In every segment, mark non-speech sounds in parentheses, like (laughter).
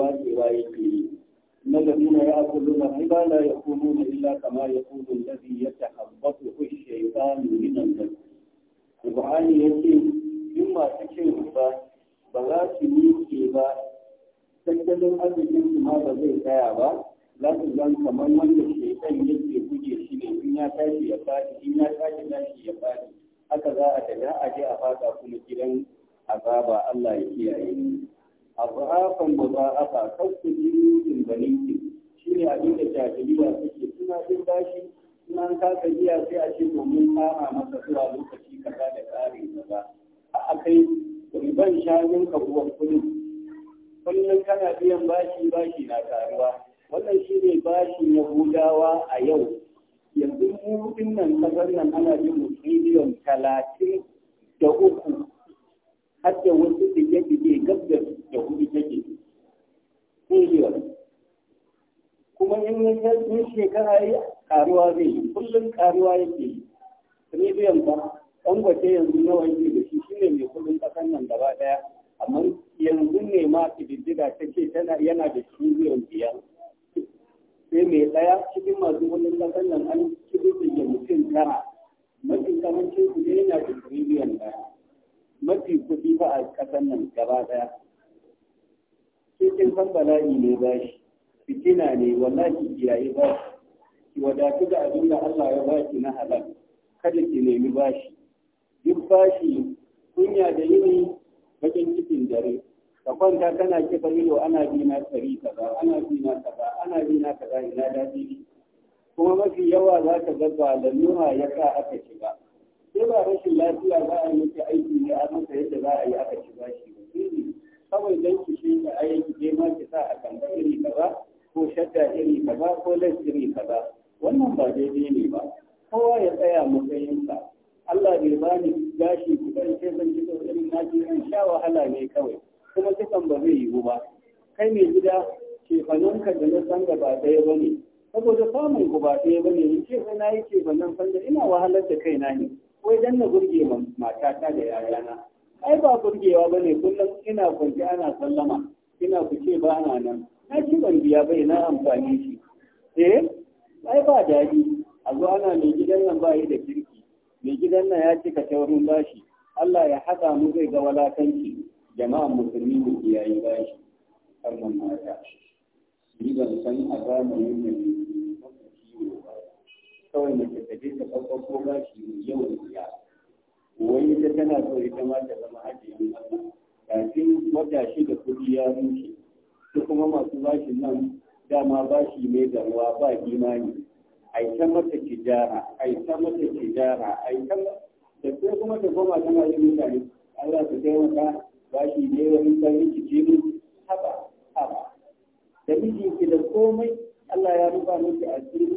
watsewa yake yi na ladina ya akulu na riba la ya kunu na illa kama ya kunu lazi ya tahabbatu ku shaitanu minan nan Ibrahim ya ce in masu cin riba ba za su miƙe ba tattalin arzikin su ma ba zai tsaya ba za su zan kamar wanda shaitan yake buge shi ne in ya tashi ya faɗi in ya tashi shi ya faɗi haka za a daga a je a fata kuma gidan azaba Allah ya kiyaye ni azrafan mudha'afa kasu jirgin baninki shine abin da jahiliya suke suna jin bashi suna kasa biya sai a ce domin kama masa zuwa lokaci kaza da tsari kaza a akai riban shanun kabuwar kudin kullum kana biyan bashi bashi na taruwa wannan shine na yahudawa a yau yanzu mu nan kasar nan ana yin miliyan talatin da uku har da wasu da da kuɗi take miliyon kuma in yin shekara yi karuwa zai yi kullum karuwa yake yi biyan ba ɗan gwaje yanzu nawa yake da shi shine mai kullum ƙasar nan gaba ɗaya amma yanzu ne ma ƙididdiga ta ce yana da miliyon biyan sai mai ɗaya cikin masu kullum ƙasar nan an da mutum tara mafi kamancin su yana da biyan ɗaya mafi kuɗi ba a ƙasar nan gaba ɗaya Cikin kin san bala'i ne ba shi fitina ne wallahi kiyaye ba shi ki wadatu da abin da Allah ya ba shi na halal kada ki nemi bashi duk shi kunya da yini bakin cikin dare ka kwanta kana kifa ido ana bi na tsari kaza ana bi na kaza ana bi na kaza ina daɗi kuma mafi yawa za ka ga ba lalura ya sa aka shiga sai ba rashin lafiya za a yi aiki ne a maka yadda za a yi aka shiga shi kawai don ki shi da ayi ki ma ki sa a kan iri kaza ko shadda iri kaza ko lens iri kaza wannan ba daidai ne ba kowa ya tsaya matsayinsa Allah bai bani gashi ku kan sai zan ji tsoron na ji sha wahala ne kawai kuma kisan ba zai yiwu ba kai mai gida cefanonka da na san ba ɗaya ba ne saboda samun ku ba ɗaya ba ne in ce sai na yi san da ina wahalar da kaina ne wai dan na burge matata da yayana ai ba burgewa ba ne kullum ina kwanci ana sallama ina ku ce ba ana nan na ci ban biya bai na amfani shi eh ai ba daji. a zo ana mai gidan nan ba yi da kirki mai gidan nan ya cika taurin bashi Allah ya haɗa mu zai ga walakanci jama'an musulmi mu kiyaye bashi sannan mata ni ban san a zamanin ne kawai mace ta je ta ɗaukar ko bashi yau da wai ta tana so ita ma ta zama ajiyin kafin wata da kudi ya rushe su kuma masu bashin nan dama bashi mai damuwa ba imani ai ta mata kijara ai ta mata kijara ai ta da sai kuma ta koma tana yin mutane Allah ta taimaka bashi ne wani ɗan rikici ne haba haba da mijinki da komai Allah ya rufa miki asiri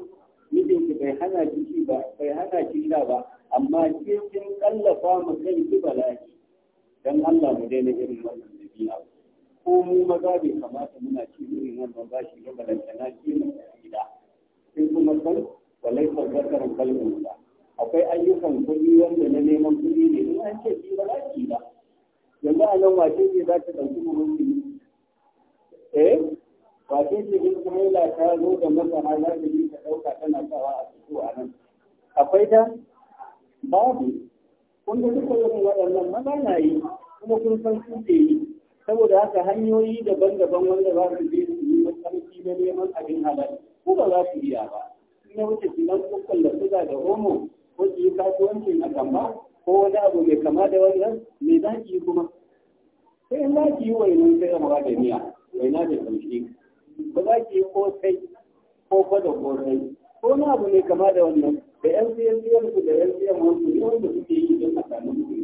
mijinki bai hana ki ba bai hana ki ba amma ke kin kallafa mu kai ki bala'i dan Allah mu daina irin wannan dabi'a ko mu maza bai kamata muna ci irin wannan bashi ga na ke mu gida sai kuma san walai fadakar kalmun da akwai ayyukan kuɗi wanda na neman kuɗi ne in an ce ki bala'i ba yanzu a nan wace ce za ta ɗauki muhimmi eh wace ce in kuma ta zo da masana za ta yi ta ɗauka tana sawa a fito a nan akwai ta babu wanda duk duka yin waɗannan maza na yi kuma kun san su ke yi saboda haka hanyoyi daban-daban wanda za su je su yi mafarki na neman abin halal ko ba za su iya ba in ya wuce sinan kukkun da suga da homo ko su yi kasuwancin a kamba ko wani abu mai kama da wannan mai za ki yi kuma sai in za ki yi wainan sai amura da miya waina da kamshi ba za ki yi kosai ko kwada kosai ko wani abu mai kama da wannan da yan siyasiyar ku da yan siyar wasu ne wanda suke yi don a samu kuɗi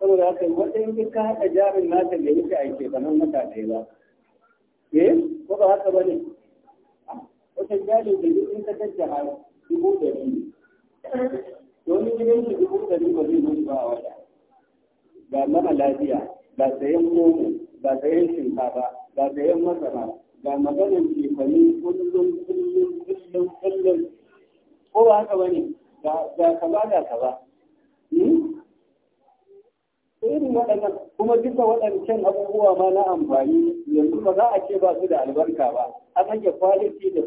saboda haka wata yanki ka haɗa jarin nasa da yake a shekaran wata ɗaya ba eh ko ba haka ba ne wata jarin da duk in ka jajjaha dubu ɗari ne wani gidan shi dubu ɗari ba zai mutu ba a wata ga mara lafiya ga sayan momo ga sayan shinkafa ga sayan masara ga maganin kefani kullum kullum kullum kullum ko ba haka bane ga kaza ga kaza hmm? irin waɗannan kuma duka waɗancan abubuwa ma na amfani yanzu ba za a ce ba su da albarka ba an rage kwaliti da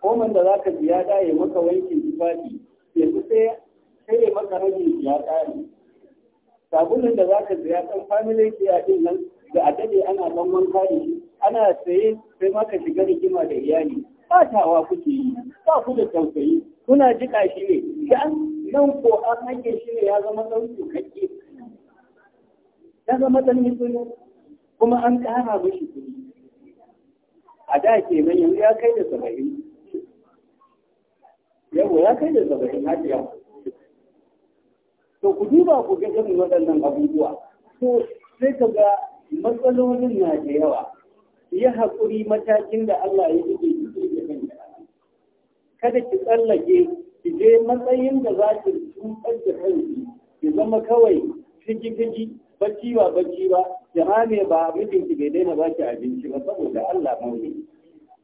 ko man da za ka biya ɗaya maka wankin tufafi yanzu sai sai maka rage ya ƙare sabulun da za ka biya ɗan family care ɗin nan da a daɗe ana ɗan wanka da shi ana saye sai maka shiga rigima da iyali fatawa kuke yi ba ku da tausayi kuna jika shi ne ya nan ko an hake shi ne ya zama sauki kake ya zama tsanin sunu kuma an kara mishi kuɗi a da ke nan yanzu ya kai da saba'in Yau ya kai da saba'in har yau to ku duba ku ga irin waɗannan abubuwa to sai ka ga matsalolin na da yawa ya haƙuri matakin da Allah ya yi kada ki tsallake ki je matsayin da za ki tutar da kanki ki zama kawai fiji-fiji bacci ba bacci ba ki ne ba abincin ki bai daina ba ki abinci ba saboda Allah mauni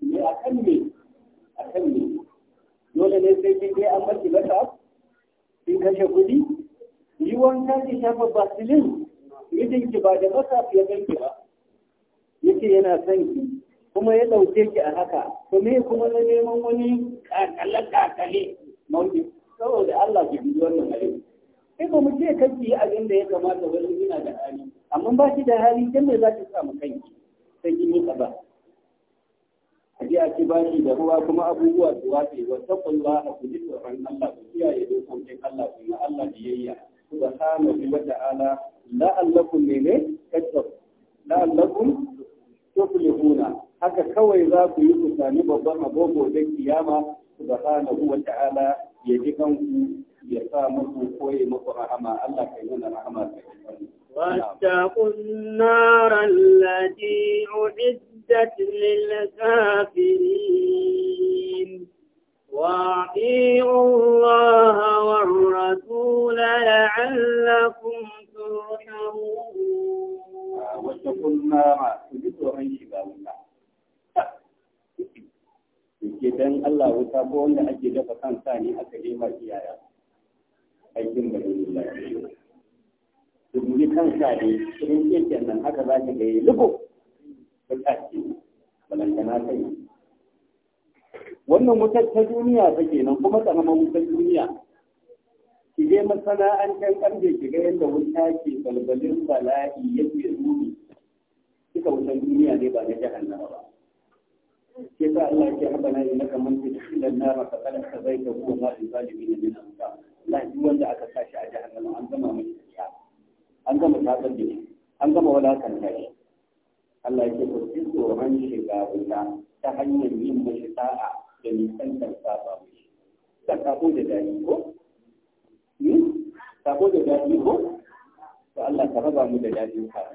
ne a kan ne, a kan ne. dole ne sai kin je an maki mata kin kashe kuɗi yi wanka ki shafa basilin ki ba da masa ki ba yake yana son ki kuma ya ɗauke ki a haka to me kuma na neman wani kakale-kakale mauki saboda Allah ki bi wannan hali ko ba mu ce kake yi abin da ya kamata wani ina da hali amma ba ki da hali dan me za ki samu kanki sai ki yi ba a ji a ci bashi da ruwa kuma abubuwa su wafe wa taqullaha ku ji tsoron Allah ku kiyaye dokokin Allah ku yi Allah biyayya subhanahu wa ta'ala la'allakum mene kasab la'allakum tuflihuna haka kawai za ku yi ku sami babban agogo da kiyama subhanahu wa ta'ala ya ji kanku ya sa muku koyi muku rahama Allah kai mana rahama kai واتقوا النار التي أعدت للكافرين وأطيعوا الله والرسول لعلكم ترحمون واتقوا النار تجدوا أن شبابنا ke dan Allah wuta ko wanda ake dafa kan sani ne aka ma iyaya aikin da ne lafiya dubu kan sa ne sun nan kenan haka za ka ga yi lugo bukaci kana kai wannan wutar ta duniya ta kenan kuma karamar wutar duniya ki je masana'antar karfe ki ga yadda wuta ke balbalin bala'i yake ruri duka wutar duniya ne ba na jahannama ba ke sa Allah ke haɗa na yi maka da filan na raka ƙalar ka zai ga kuma ba su na nuna ba. Allah duk wanda aka tashi a jihannan an gama mai tafiya. An gama tafiya da an gama wala kan tashi. Allah ya ce ku fi tsoron shiga ta hanyar yin mashi da nisan da sa ba mu shi. Ta kafo da dadi ko? Ta kafo da dadi ko? To Allah ta raba mu da dadin sa.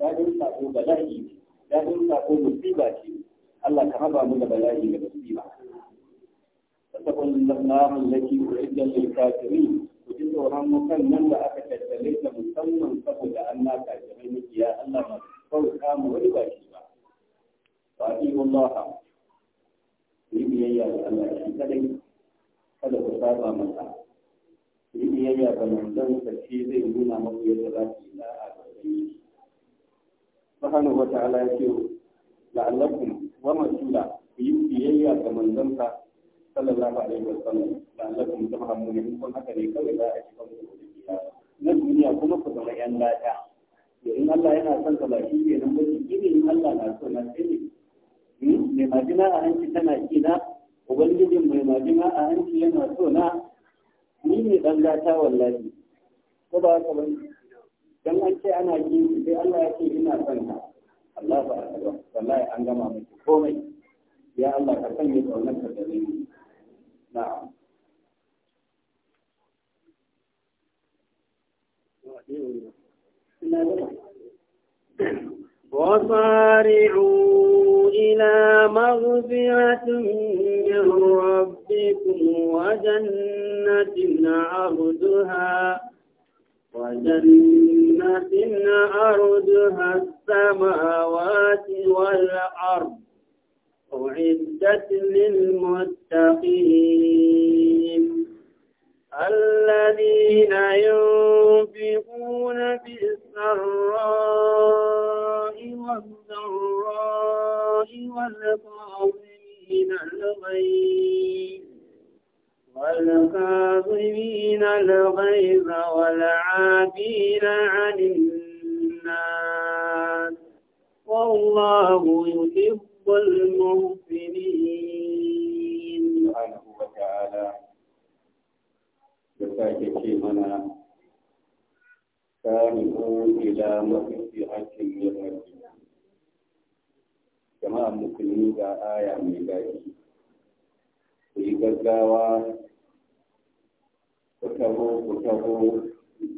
ba dadi ne. Dadin sa ko musiba ce. Allah ka raba mu da bala'i da musiba fatakun nahu lati uidda lil kafirin ku ji tsoron kan nan da aka tattale ta musamman saboda an na kafirai mikiya Allah ma sauka mu wani ba shi ba fa Allah ku yi biyayya da Allah shi kadai kada ku saba masa ku yi biyayya ga manzon sarki zai nuna muku yadda za ku yi da'a ga shi subhanahu wa ta'ala ya ce la'allakum wa masula ku yi biyayya ga manzansa sallallahu alaihi wasallam da Allah kuma ta fahimu ne kun haka ne kawai za a ci kan ku na duniya kuma ku zama yan lada in Allah yana son ka baki ne nan ne? in Allah na so na sai ne hmm? mai a hanci tana kina ubangijin mai majina a hanci yana so na ni ne dan gata wallahi ko ba ka ba dan an ce ana kin sai Allah ya ce ina son ka Allah ba a kalwa wallahi an gama miki komai ya Allah ka sanya kaunar ka gare ni na'am وصارعوا إلى مغفرة من ربكم وجنة عرضها وجنات أرضها السماوات والأرض أعدت للمتقين الذين ينفقون في السراء والضراء والقاضين الغيب والكاظمين الغيظ والعافين عن الناس والله يحب المحسنين سبحانه وتعالى يساك شيمنا سارقوا إلى مغفرة من ربكم جماعة مسلمين آية من ذلك ku yi gaggawa ku taho ku taho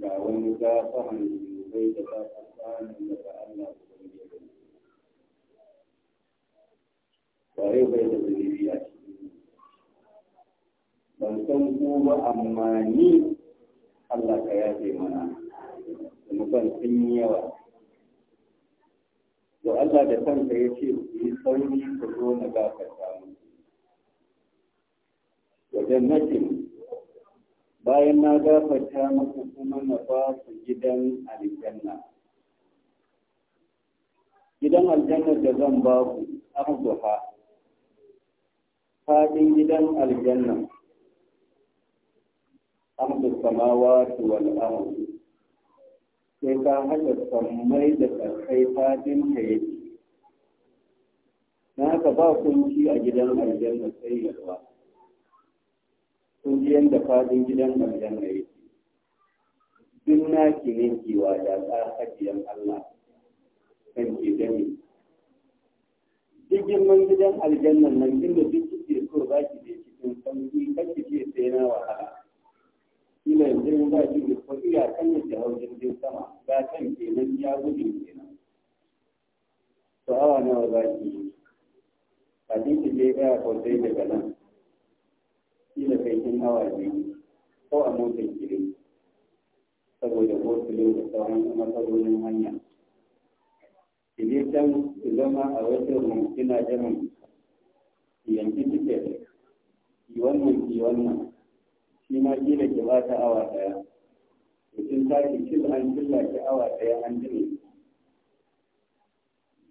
ga wani gafaran zunubai da za ku samu daga Allah ku gani da ni. Ware bai da zunubi a cikin ban san ku ba amma ni Allah ka yafe mana zunuban ban san yawa. To Allah da kanka ya ce ku yi sauri ku zo na gafarta mu. wajen jannatin bayan na gafarta maka kuma na ba su gidan aljanna gidan aljanna da zan ba ku arzuha fadin gidan aljanna arzu samawa wani arzu sai ka haɗa sammai da ƙarfai fadin ka yake na haka ba kunci a gidan aljanna sai yalwa sun ji yadda fadin gidan aljanna yake duk na kinin kiwa da tsakiyar Allah kan ke gani duk girman gidan aljanna nan inda duk kike so za ki je cikin sauki kan ki ce sai na wahala ina yanzu in ba ki da kuɗi ya kan yadda hau jirgin sama ga kan kenan ya gudu kenan to awa nawa za ki yi kafin ki je ga kwasai daga nan cikin awa biyu ko a motar kire saboda hotulo da sauran matsalolin hanya can su zama a wata rumfina jiran yanki tiket ki wannan ki wannan shi ma kila ki ta awa daya mutum ta ki cin an cilla ki awa daya an jini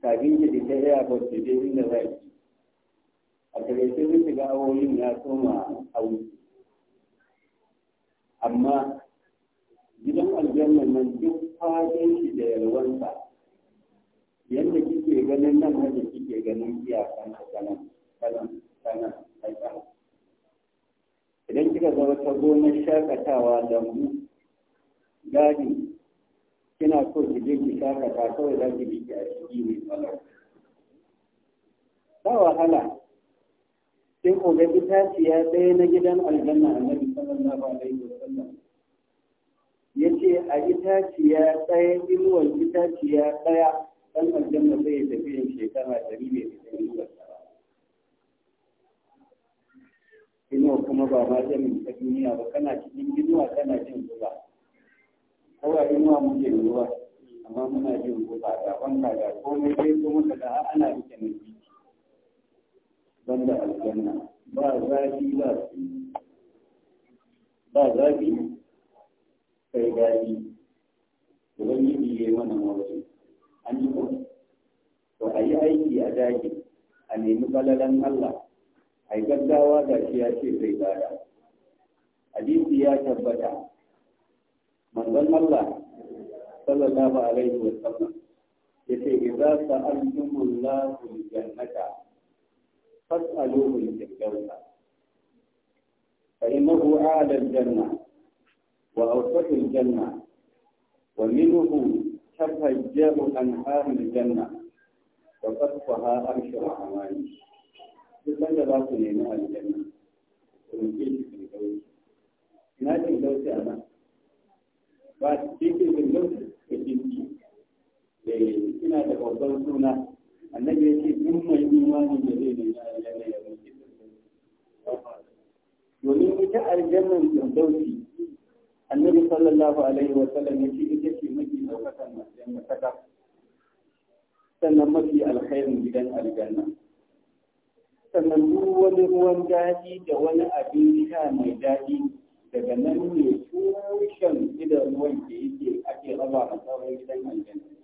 kafin ki da ta iya ba su je inda za ki a takaice shiga awoyin ya soma awu amma gidan aljanna nan duk fadin shi da yalwanta yadda kike ganin nan haka kike ganin iyakan ka kanan kanan kanan kanan idan kika zama ta gonar shakatawa lambu gadi kina so ki je ki shakata kawai za ki bi ki a ciki mai tsalau ba wahala sai ko ga itaciya ɗaya na gidan aljanna a da sallallahu alaihi wasallam ya ce a itaciya ɗaya inuwan itaciya ɗaya ɗan aljanna zai tafi yin shekara ɗari bai fita inuwar inuwa kuma ba ma jamin ta duniya ba kana cikin inuwa kana jin zuba kawai inuwa muke ruwa amma muna jin zuba da banka da komai sai kuma da ana rike na jiki banda aljanna ba zafi ba ba zafi sai daɗi ubangiji ya yi mana mawaci an yi to a yi aiki a daji a nemi falalan allah a yi gaggawa ga shi ya ce zai bada hadisi ya tabbata manzon allah sallallahu alaihi wa sallam yace idza sa'altumullahu al-jannata فاسألوه الفردوس فإنه أعلى الجنة وأوسط الجنة ومنه تفجر أنهار الجنة وقطفها أرش الرحمن kusan da za ku nemi aljanna ku roƙe shi firgausi ina firgausi a nan ba cikin firgausi da jinki ina da babban suna annabi ya ce duk mai imani da zai nuna aljanna ya mutu domin ita aljannan firdausi annabi sallallahu alaihi wa sallam ya ce ita ce mafi ɗaukakan aljanna kaka sannan mafi alkhairin gidan aljanna sannan duk wani ruwan daɗi da wani abin sha mai daɗi daga nan ne tushen gidan ruwan da yake ake raba a tsawon gidan aljanna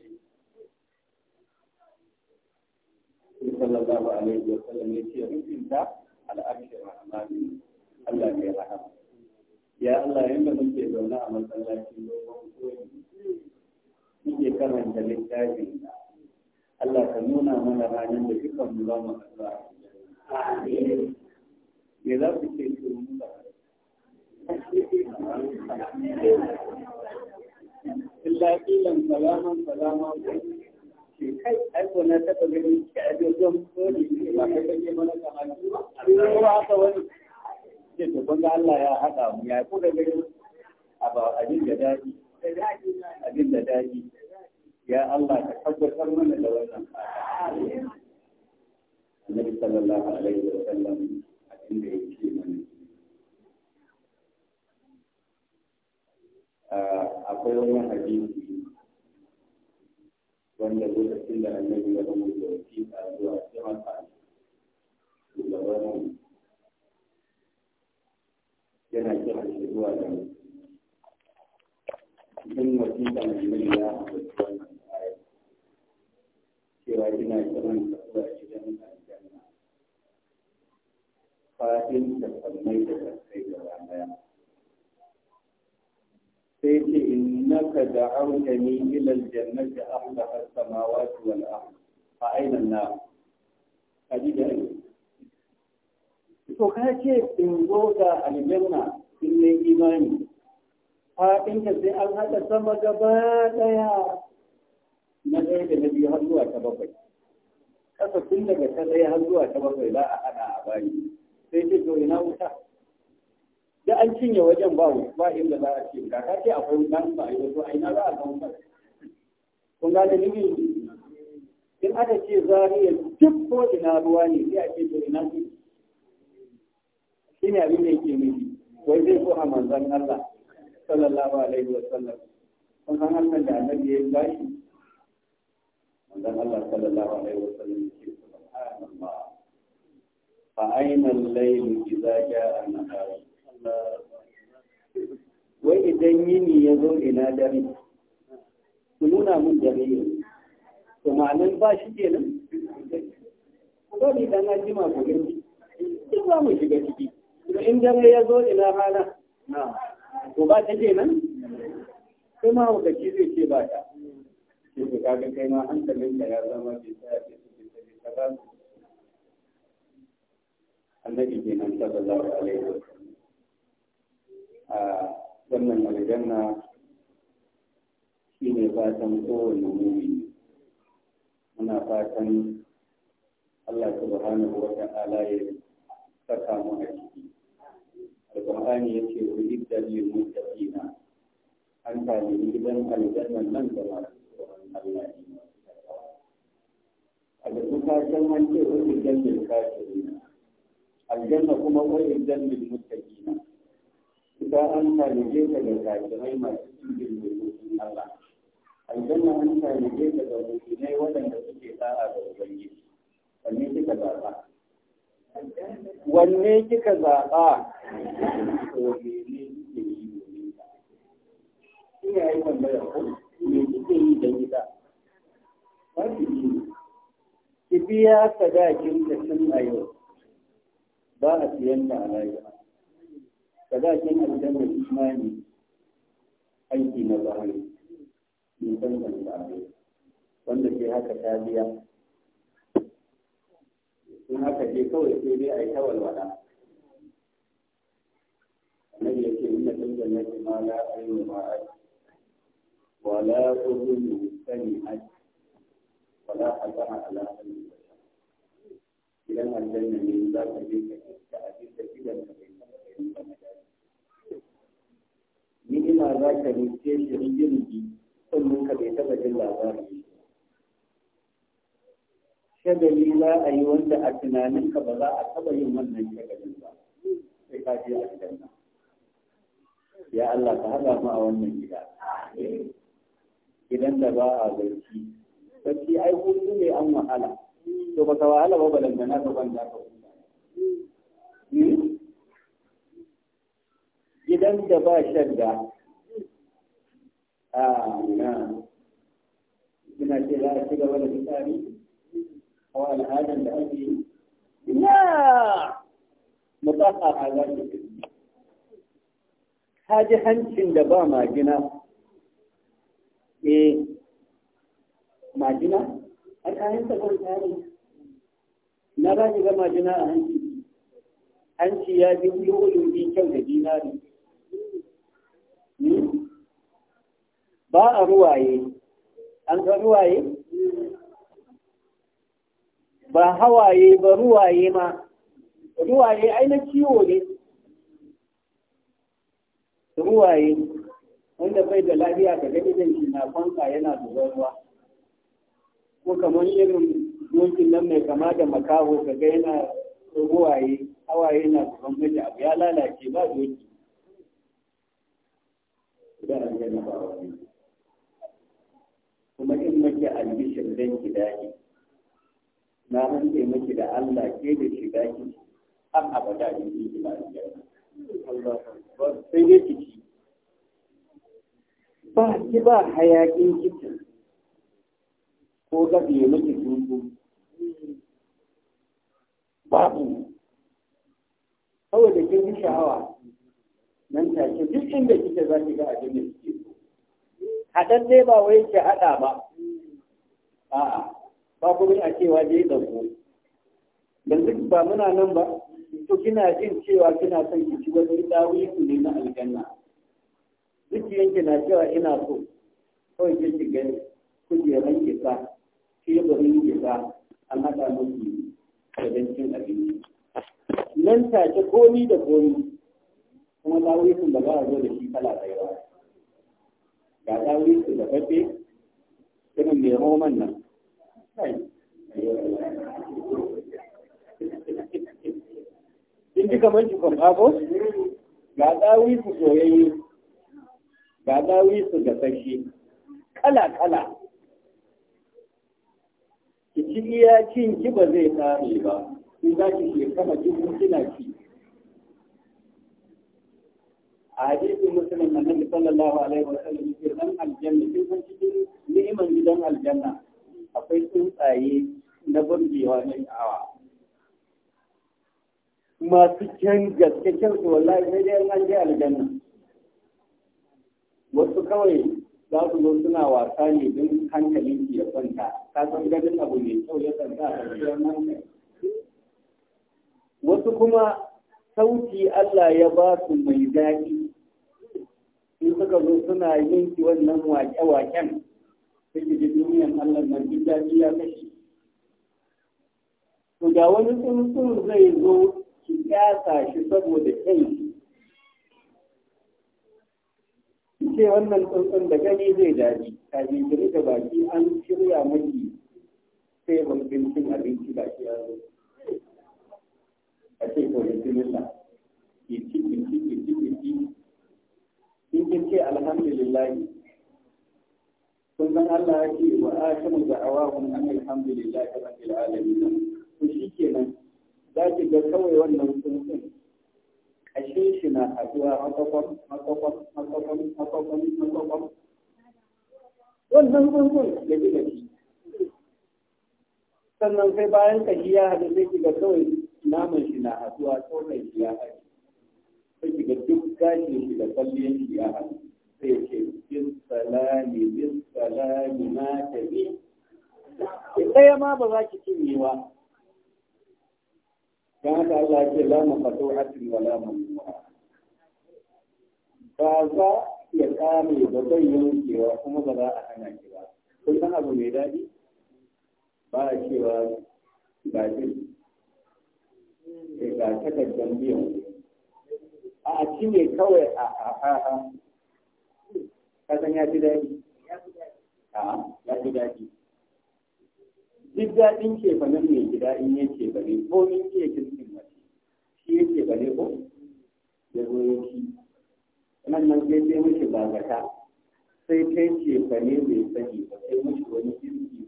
sallallahu alaihi wa sallam ya ce rufin ta al'arshi rahmani Allah ya rahama ya Allah yanda muke zaune a masallaci domin koyi muke karanta littafin Allah ka nuna mana ranar da dukan mu za mu me za ku ce su mu ba illa ilan salaman salaman kai aiko na taɓa ganin ki a jirgin koli ne ba kai kake mana kamaki ba ko haka wani ce to kun Allah ya haɗa mu ya kuka ganin abin da daɗi abin da daji, ya Allah ka tabbatar mana da wannan Annabi sallallahu alaihi wa sallam abin da yake mana ah, akwai wani hadisi wanda lokacin da annabi ya zama da wasiƙa zuwa ce masa shugaban yana kiran shi zuwa da cikin wasiƙa annabi ya ambaci wannan ayat cewa ina kiran ka zuwa gidan aljanna fa'in da sammai da ƙasa sai ce in naka da autani ilal jannar da as-samawati wal ard wani aina an-nar kaji da to ka ce in zo da aljanna in ne imani fa inda sai an hada sama gaba ɗaya? na ɗaya da na biyu har zuwa ta bakwai kasa tun daga ta ɗaya har zuwa ta bakwai za a ana a bayi sai ce to ina wuta da an cinye wajen ba ba inda za a ce da ka ce akwai wutan ba a yi wasu a ina za a samu ba kun gane nufin in aka ce zariya duk ko ina ruwa ne sai a ce to ina su shi abin da yake nufi wai zai so a manzan Allah sallallahu alaihi wa sallam kun san Allah da annabi ya yi bashi manzan Allah sallallahu alaihi wa sallam ya ce subhanallah fa aina al-layl idza ja'a an-nahar wai idan yini ya zo ina dare ku nuna mun dare ne to ma'anin ba shi ke nan ko ni dan ajima ku gani duk za mu shiga ciki to in dare ya zo ina rana na to ba ta ke nan kai ma hukaci zai ce ba ta sai ka ga kai ma hankalin da ya zama bai tsaya ke cikin ta ka ba annabi kenan sallallahu alaihi wasallam a wannan aljanna shi ne fatan kowane mumini muna fatan Allah subhanahu wa ta'ala ya saka mu a ciki alqur'ani yace wa idda lil muttaqina an tani gidan aljanna nan da masu tsoron Allah ne a da kuka san an ce wa idda lil kafirina aljanna kuma wa idda lil muttaqina Da an tanaje ta da kafirai masu cikin dokokin Allah aljanna an tanaje ta da mutunai waɗanda suke sa'a da ubangiji wanne kika zaɓa wanne kika zaɓa to me ne kike yi domin ka ina yi tambaya ko me kike yi don gida? ba ki yi ki biya sadakin ta tun a yau ba a siyan ta a rayuwa sadakin aljanna imani aiki na zahiri da abu, wanda ke haka ta biya sun haka je kawai sai dai a yi ta walwala annabi yake inna fil jannati ma la aynu ra'at wa la udhunu sami'at wa la hasana ala qalbi idan aljanna ne za ka je ka ke iska a cikin gidan ka kai ni'ima za ka nufe shi rigirgi kullum ka bai taɓa jin labari shagali za a yi wanda a tunaninka ba za a taɓa yin wannan shagalin ba sai ka je a gidan nan ya Allah ka haɗa mu a wannan gida gidan da ba a barci barci ai hutu ne an wahala to ba ka wahala ba balantana ka da ka huta hmm? gidan da ba shadda a ah, na suna ce za a ci gaba da fitsari ko al'adar da ake yi na mutaka a za ki Ta ji hancin da ba majina eh majina a kayan sabon kayan na ba ni ga majina a hanci hanci ya bi ji wuri wuri kyau da dinari ba a ruwaye an ga ruwaye ba hawaye ba ruwaye ma ruwaye aina ciwo ne ruwaye wanda bai da lafiya daga idan shi na kwanka yana da ruwa ko kamar irin dokin nan mai kama da makaho kaga yana ruwaye hawaye na zuban miji abu ya lalace ba doki da aljanna ba wani kuma in muke albishir dan ki daki na rantse miki da Allah ke da shiga ki an abada da ki ki ba aljanna sai dai ki ba ki ba hayakin kitin ko gabe miki tsuntsu babu saboda kin sha'awa nan take duk inda kike za ki ga abin da kike so haɗan dai ba wai ke hada ba a'a ba kuma a cewa dai da ku yanzu ba muna nan ba to kina jin cewa kina son ki ci wani dawo ku ne na aljanna Duk yanke na cewa ina so kawai ki ki gani kujeran ki sa teburin ki sa an haɗa miki da dancin abinci nan take komi da komi kuma tawilin da za a zo da shi kala ɗaya ba ga tawilin da fafe irin mai roman nan in ji kamar ki kwamba ko ga tawilin soyayye ga tawilin da fashe kala kala ki ci iya cin ki ba zai tsari ba in za ki shekara cikin kina ci a hadisin musulun annabi sallallahu alaihi wa sallam yake dan aljanna kin san cikin ni'iman gidan aljanna akwai tsuntsaye na burgewa na sha'awa masu kyan gaske kyan su wallahi sai dai an je aljanna wasu kawai za su zo suna wasa ne don hankalin ya kwanta ka san ganin abu mai kyau ya san sa a hankali wasu kuma sauti Allah ya ba su mai daɗi in suka zo suna yanki wannan wake-waken ke da duniyan Allah nan duk daji ya kashe to da wani tsuntsun zai zo ki kyasa shi saboda kai ce wannan tsuntsun da gani zai daji kafin kiri da baki an shirya maki sai ban cin abinci baki ya zo a ce kawai sinila ki ci ciki ci ciki in kin ce Alhamdulillahi, kun san Allah ya ce wa akhiru da'awahum an alhamdulillah rabbil alamin to shikenan za ki ga kawai wannan sun sun kashin shi na haduwa makwakwam-makwakwam-makwakwam-makwakwam-makwakwam. wannan sun sun da ji da shi sannan sai bayan kashi ya haɗu sai ki ga kawai naman shi na haduwa tsokan shi ya haɗu sai ki ga duk gashin shi da kwalliyar shi ya haɗu sai ce bin salami bin salami na tafi ɗaya ma ba za ki cinye ba don haka Allah ce la mu fato hatin wa la mu ba za ya kame ba zai yankewa kuma ba za a hana ki ba kun san abu mai daɗi ba a cewa ba shi eh, ga takardar biyan a a ci ne kawai a a a a san ya fi daɗi a ya fi daɗi duk daɗin ke fa nan mai gida in ya ce ba ne ko in ke kirkin mace shi ya ce ba ne ko ya zo ya ci nan nan sai sai ba gata. sai kai ce ba ne mai sani ba sai mishi wani kirki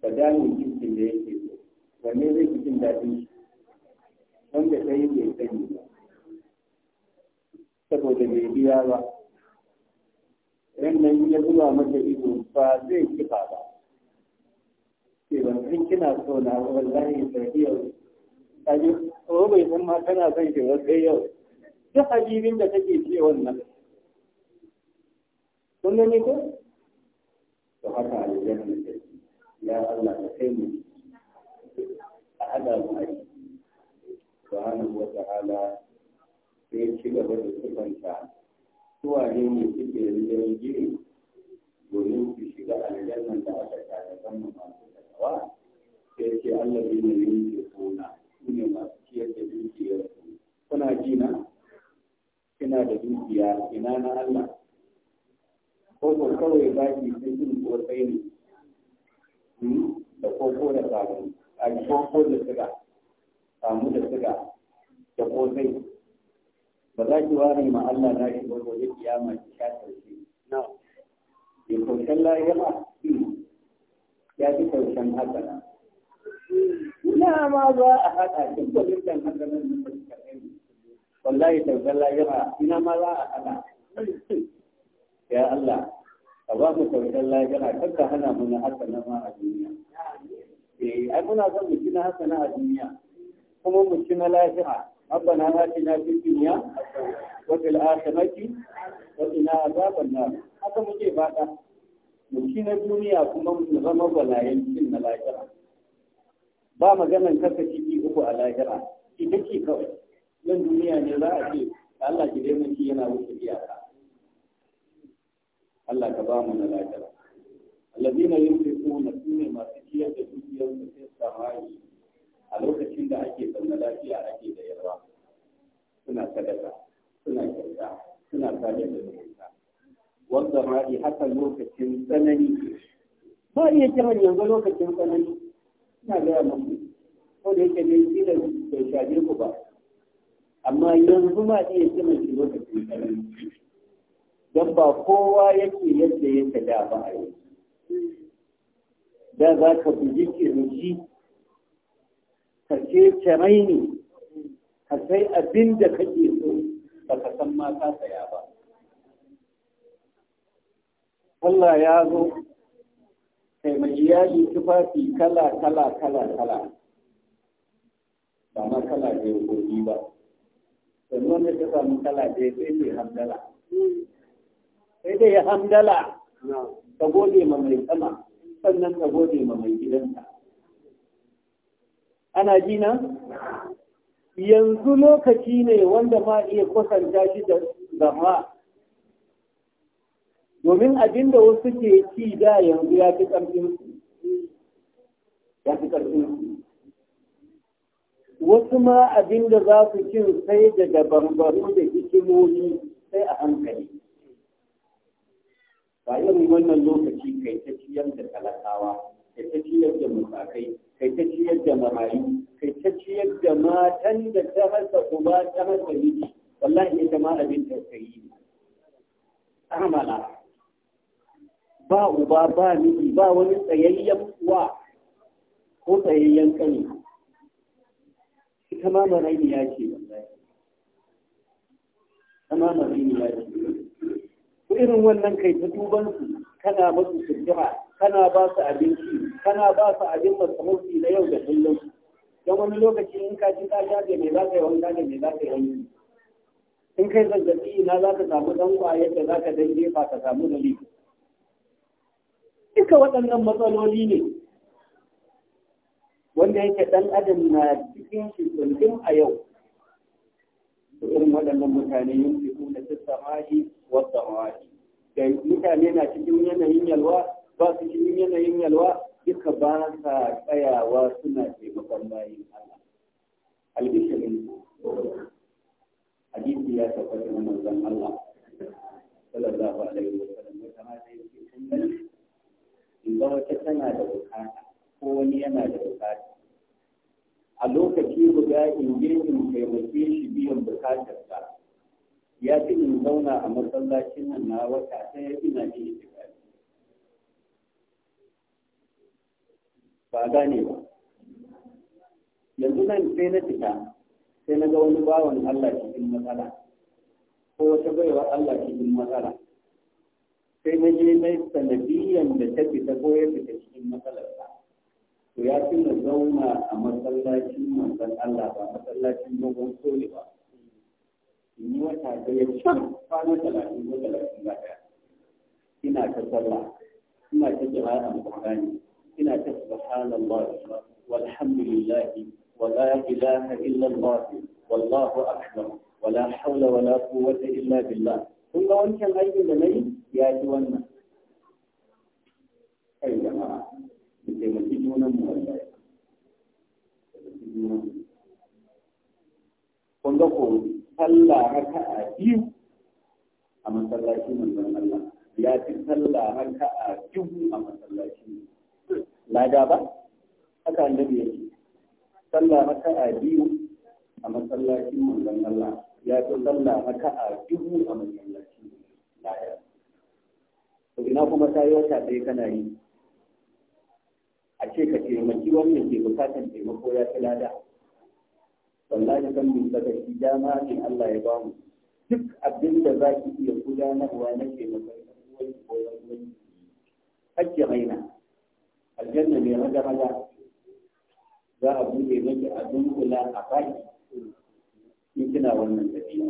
ba da damin kirkin da yake so wanne zai fi jin daɗin shi wanda kai mai sani ba saboda mai biya ba nan ya zuwa mata ido ba zai kifa ba sai ban san kina so na wallahi sai yau kaji ko bai san ma kana son shi ba sai yau duk hajibin da take ce wannan kun gani ko to haka aljanna take ya Allah ka kai mu a hada mu subhanahu wa ta'ala sai ci gaba da sifanta suwane ne suke rigar gini domin su shiga aljannan da aka tada zama masu takawa sai ce Allah ne ne ke kona su ne masu ciyar da dukiyar su kuna ji na ina da dukiya ina na Allah ko ko kawai baki sai sun ko sai ne da koko da sabon a koko da siga samu da siga da kosai ba za ki ware ma Allah za shi ba wajen kiyama ki sha tausi ya kaushen lahira ya fi kaushen hasana ina ma za a haɗa duk wajen kan hasanan da ba su karɓe wallahi kaushen lahira ina ma za a haɗa ya Allah a ba mu kaushen lahira kar ka hana mu na hasana ma a duniya eh ai muna son mu ci na hasana a duniya kuma mu ci na lahira ربنا آتنا في الدنيا وفي الآخرة وقنا عذاب النار haka muke fata mu na duniya kuma mu zama balayen cikin na lahira ba maganan kasa ciki uku a lahira ita ce kawai nan duniya ne za a ce Allah ki dai shi yana wuce iyaka Allah ka ba mu na lahira allazina yunfiquna sunne masu ciyar da dukiyar su samari a lokacin da ake zaune lafiya ake da yarwa suna sadaka suna kyauta suna sadar da zumunta wanda ma yi haka lokacin tsanani ba iya kiran yanzu lokacin tsanani ina gaya muku ko da yake ne shi da bai shaje ku ba amma yanzu ma iya kiran shi lokacin tsanani don ba kowa yake yadda yake da ba a yanzu da za ka jikin shi ka ce raini. ka sai abin da kake so ba ka san mata ka saya ba Allah ya zo kai mai iyali tufafi kala kala kala kala ba ma kala da ya gobe ba sannan wanda ta samu kala da ya sai ne hamdala sai dai hamdala ka gode ma mai sama sannan ka gode ma mai gidanka ana jina yanzu lokaci ne wanda ma iya kwatanta shi da zama domin abin wasu ke ci da yanzu ya fi ƙarfin ya fi ƙarfin wasu ma abinda da za su cin sai da dabarbaru da hikimomi sai a hankali ba irin wannan lokaci kai ta ciyar da talakawa kai ta ciyar da musakai kai ta ciyar da marayu kai ta ciyar da matan da ta rasa uba ta hasa miji wallahi ta ma abin tausayi yi amala ba uba ba miji ba wani tsayayyen uwa ko tsayayyen kani ita ma ya ce wallahi ita ma ya ce irin wannan kai ta tubansu kana masu sutura kana ba su abinci kana ba su abin masarufi na yau da kullum don wani lokaci in ka ji ka da mai za ka yi wanka da mai za ka yi wani in kai zazzabi ina za ka samu dan kwayar da za ka dan jefa ka samu dali duka waɗannan matsaloli ne wanda yake ɗan adam na cikin shi tsundum a yau irin waɗannan mutane yin fiko da sassamari wasu samari da mutane na cikin yanayin yalwa ba su cikin yanayin yalwa duka ba sa tsayawa suna taimakon bayan Allah albishirin hadisi ya tabbata na manzon Allah sallallahu alaihi wa sallam ya kamata ya ce kun gani in ga wata tana da bukata ko wani yana da bukata a lokaci guda in je in taimake shi biyan bukatarsa ya fi in zauna a masallacin nan na wata ɗaya ina ji ba gane ba yanzu nan sai na fita sai na ga wani bawan Allah cikin matsala ko wata baiwa Allah cikin matsala sai na je na sanadiyan da ta fita ko ya fita cikin matsalarsa to ya fi na zauna a masallacin manzon Allah ba masallacin dogon soli ba in yi wata ya can kwana talatin ko talatin ba ina ta sallah ina ta kira'an Qur'ani إن سبحان الله والحمد لله ولا إله إلا الله والله أكبر ولا حول ولا قوة إلا بالله ثم أنت الغيب لمن يا جوانا أي جماعة مثل ما تجونا مولاي قل صلى ركعة جيو أما صلى شيئا من الله يا صلى ركعة جيو أما صلى lada ba haka annabi ya sallah haka a biyu a masallacin manzon Allah ya fi sallah haka a biyu a masallacin lada to ina kuma ta wata ɗaya kana yi a ce ka taimaki wanda ke bukatar taimako ya fi lada wallahi kan bin daga shi dama in Allah ya bamu duk abin da za ki iya gudanarwa na taimakon ko wani uwanki hakki aljanna mai raga raga za a buɗe maki a dunkula a baki in kina wannan tafiya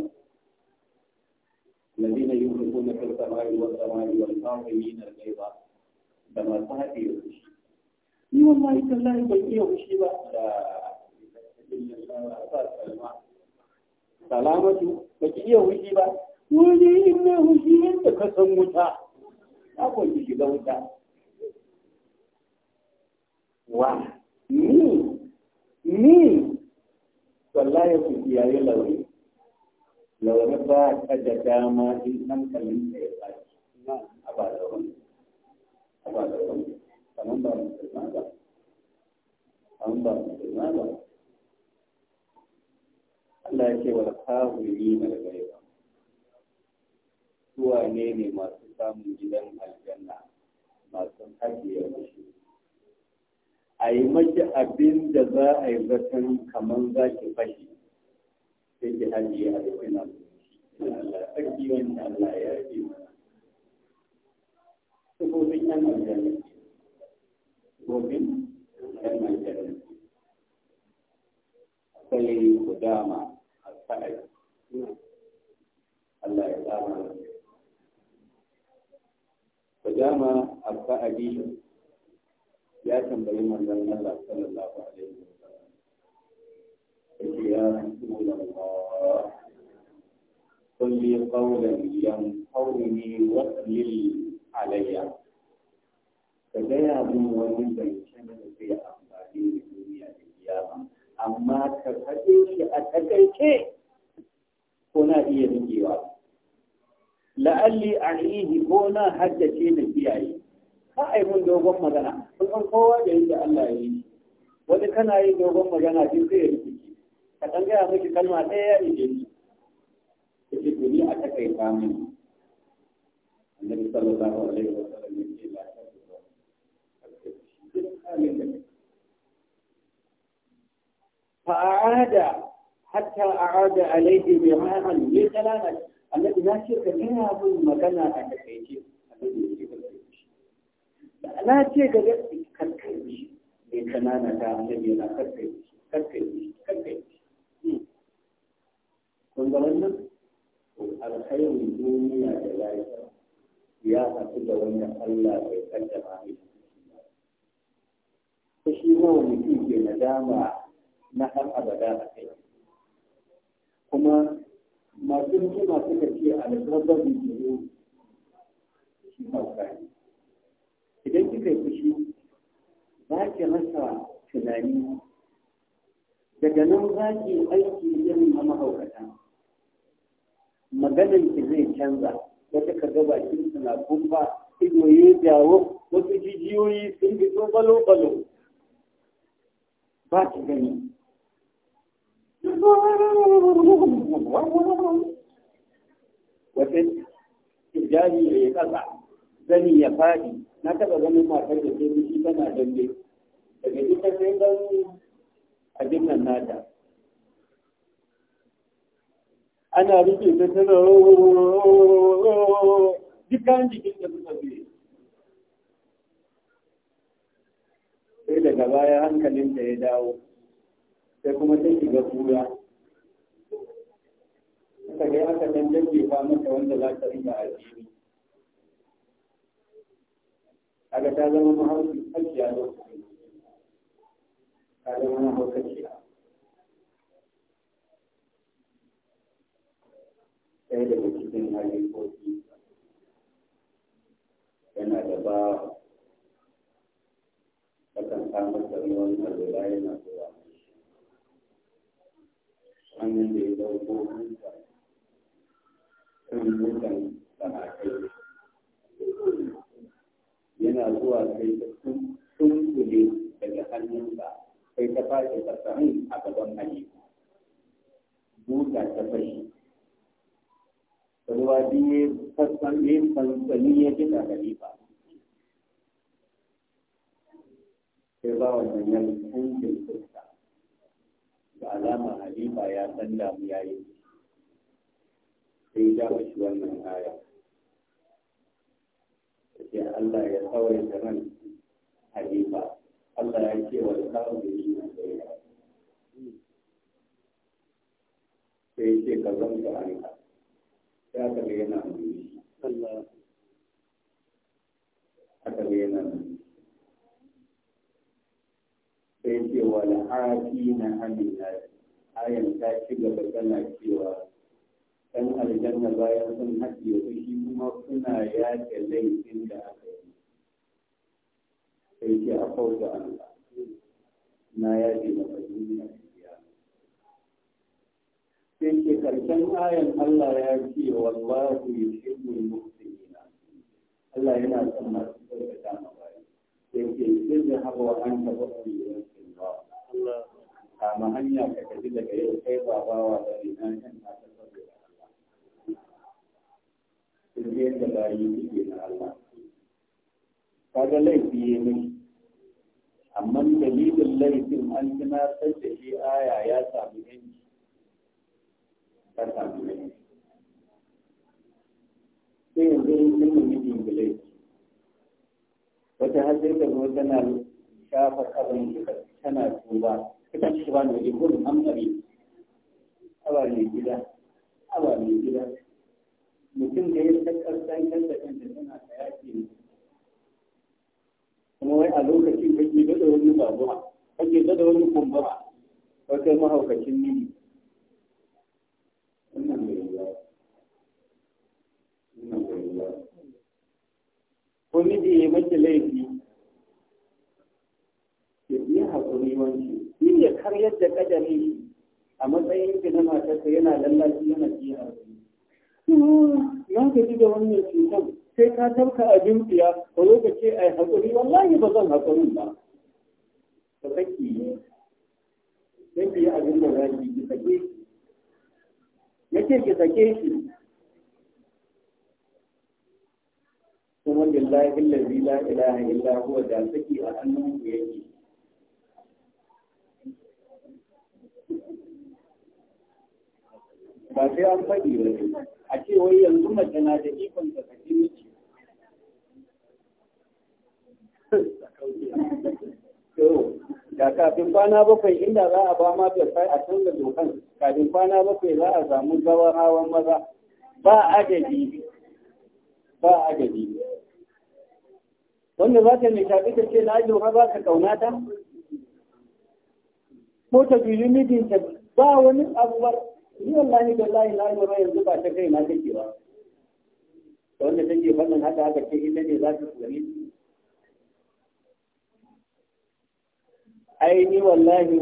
الذين ينفقون في السماء والسماء والكاظمين الغيظ da masu haɗe ya fushi ni wallahi tallahi bai iya fushi ba da salamatu ba ki iya fushi ba wani inna fushi yadda ka san wuta na kwanci shiga wuta wa ni ni wallahi ku kiyaye lauri lauri ba ta da dama in hankalin da ya tsaki a ba da wani a ba da wani kamar ba musulma ba kamar ba musulma ba Allah ya ce wa kawuni na daga yau suwa ne ne masu samun gidan aljanna masu hajiyar mashi a yi maki abin da za a yi zaton kamar za ki fashi sai ki hajiye a cikin Allah sarki wanda Allah ya yi mana. Sufofin yan aljanna. Sufofin yan aljanna. ku dama a sa'ai. Allah ya Ku dama a sa'adi ya tambayi manzon Allah sallallahu alaihi wasallam yake ya rasulullah qul li qawlan yanfawni wa lil alayya ka gaya mun wani zancen da zai amfani da duniya da kiyama amma ka faɗe shi a takaice ko na iya rikewa la'alli a ko na haddace na kiyaye ka a yi mun dogon magana kun san kowa da yadda Allah ya yi wani kana yin dogon magana din sai ya rikici ka san gaya miki kalma ɗaya ya rike ki ta ce to ni a ta kai ta min annabi sallallahu alaihi wa sallam ya ce la ta فأعاد حتى أعاد عليه مرارا لثلاثة الذي لا شك منها ظلم كان أتكيتي الذي يجب na ce ga gaske karkai shi mai kanana ta annabi yana karkai shi karkai shi karkai shi hmm. kun ga wannan alkhairin duniya da lafiya ya haɗu da wanda Allah bai kaddara mai ta shi ma wani ke nadama na har abada a kai kuma masu hikima suka ce alfabar da shi ne shi idan kika yi fushi za ki rasa tunani daga nan za ki aiki irin na mahaukata maganan ki zai canza wata ka ga bakin suna kumfa ido ya jawo wasu jijiyoyi sun fito balo-balo ba ki gani wata hijabi ya kasa zani ya fadi na taɓa ganin matar da ke biki tana dambe daga ita sai gan abin nan nata ana rufe ta tana dukkan jikin da suka biye sai daga baya hankalinta ya dawo sai kuma ta shiga kura aka ga aka dan dabbe ba mata wanda za ta riga a jini kaga ta zama mahaukaci hajiya lokacin ta zama mahaukaci ɗaya daga cikin halittoci yana da ba akan samar da ruwan alwala yana zuwa hanyar da ya dauko hanta kan dukkan sanatai yana zuwa sai ta tunkule daga hannunka, sai ta fashe fasahin a gaban Ali. Buta ta fashi. Ruwa biyu fasan ne fansani ya ji da Khalifa. Sai ba wannan yan kunkin fuska. Da alama Khalifa ya san damu ya yi. Sai ya mashi wannan aya. sai Allah ya tsawai da ran halifa Allah ya ce wa tsawon da shi na tsaye sai ce ka zan da anka ya ka ga yana nuni aka ga yana nuni sai ce wa la'afi na hamila ayan ta ci gaba tana cewa ɗan aljanna bayan sun haɗe wa shi kuma suna yaƙe laifin da aka yi sai ke a fauda Allah na yaƙe na fahimta sai ke karshen ayan Allah ya ce wallahu yuhibbul muhsinina Allah yana son masu tsarkaka ma bayan sai ke da hawa an taɓa Allah kama hanya ka tafi daga yau kai ba bawa da ina kan duk yadda bayi suke na Allah kaga laifi ya mai amma dalilin laifin an tunatar da shi aya ya sami yanki ta sami yanki sai yanzu in sun mutum da laifi wata hajjar da kuma tana shafa kabin tana tuba ita ce ba ne gurin amsari aba mai gida aba mai gida mutum da ya kakkarsan da kan da suna da yaƙi kuma wai a lokacin kake dada wani babuwa kake dada wani kumbura ko kai mahaukacin mini wannan bai yi wannan bai yi ko miji ya maki laifi ya yi haƙuri wanci shi ya karyar da kadari a matsayin ki na matarsa yana lallaci yana biya ka ji da wannan cutar sai ka tabka abin tsiya ka zo ka ce ai haƙuri wallahi ba zan haƙuri ba ka saki sai ki yi abin da za ki ki sake shi yake ki sake shi kuma lillahi allazi la ilaha illa huwa da saki a hannun ku yake ba sai an faɗi ba a ce wai yanzu mace na da ikon ta saki miki to da kafin kwana bakwai inda za a ba ma sai a canza dokan kafin kwana bakwai za a samu gawan hawan maza ba adadi ba adadi wanda za ta nishaɗi ta ce na jima ba ka kauna ta ko ta biyu mijinta ba wani abubuwa. ni wallahi billahi na yi yanzu ba ta kai na take ba da wanda take wannan haka haka ce ita ne za ta tsare ai ni wallahi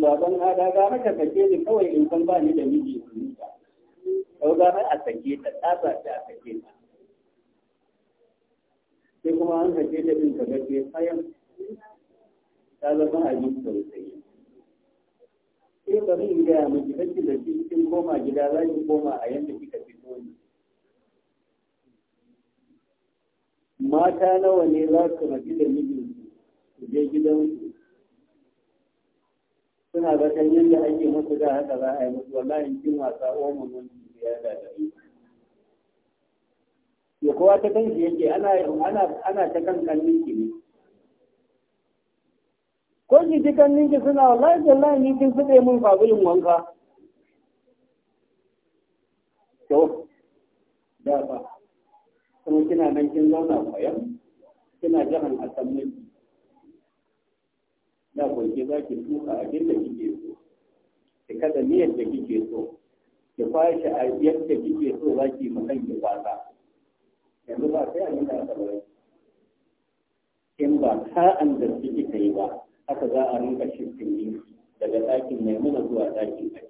baban hada ga maka sake ni kawai in san ba ni da miji ne Yau ga mai a sake ta tsaba ta a sake ta sai kuma an sake ta din ka gaje sayan ta zama yi sosai. sai eh, bari in gaya miki kake da shi cikin koma gida za ki koma a yanda kika fito ne mata nawa ne za su rabu da mijinsu su je gidan gidansu suna zaton yadda ake musu da haka za a yi musu wallahi kin wasa omo mun ya da ya kowa ta kanki yake ana ta kan kallon ne ko ki ji kannin suna wallahi wallahi ni kin suɗe mun sabulin wanka to da ba kuma kina nan kin zauna kwayan kina jahan asammin da kwanke za ki tuka abin da kike so ki kada niyyar da kike so ki kwashe a yadda kike so za ki makan ki kwasa yanzu ba sai abin da aka bari in ba ka'an da kike yi ba haka za a rinka shifin daga ɗakin maimuna zuwa ɗakin ba.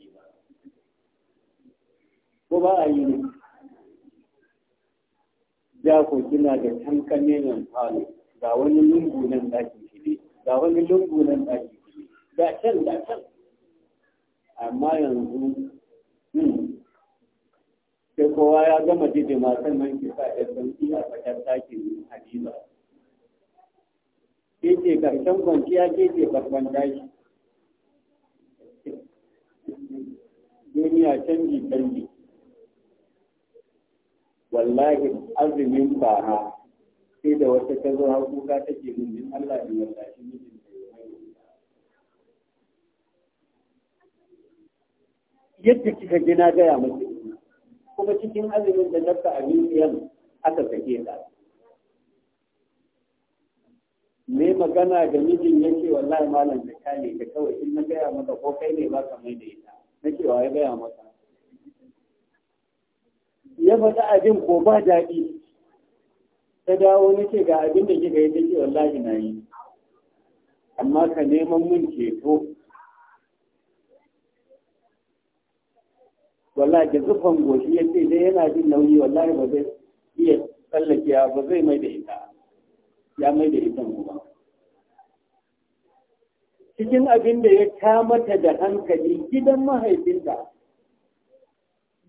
ko ba a yi ne ja ko kina da tankane nan falo ga wani lungu nan ɗakin shi ne ga wani lungu nan ɗakin shi ne da can da can amma yanzu hmm, sai kowa ya gama jijima sannan ki sa ya san iya tsakar ɗakin ajiba ke ce karshen kwanciya ke ce farkon tashi duniya canji canji wallahi azumin fara sai da wata ta zo har ta ke min Allah ne wallahi mijin yadda kika gina na gaya miki kuma cikin azumin da nafsa abin yan aka sake ta me magana ga mijin ya ce wallahi malam da ka da kawai in na gaya maka ko kai ne ba ka mai da ita na cewa ya gaya maka ya faɗi abin ko ba daɗi ta dawo na ce ga abin da kika yi ta ce wallahi na yi amma ka neman mun ceto wallahi da zufan goshi ya ce dai yana jin nauyi wallahi ba zai iya tsallake ba zai mai da ita ya mai da ita ba. cikin abin da ya kamata da hankali gidan mahaifinta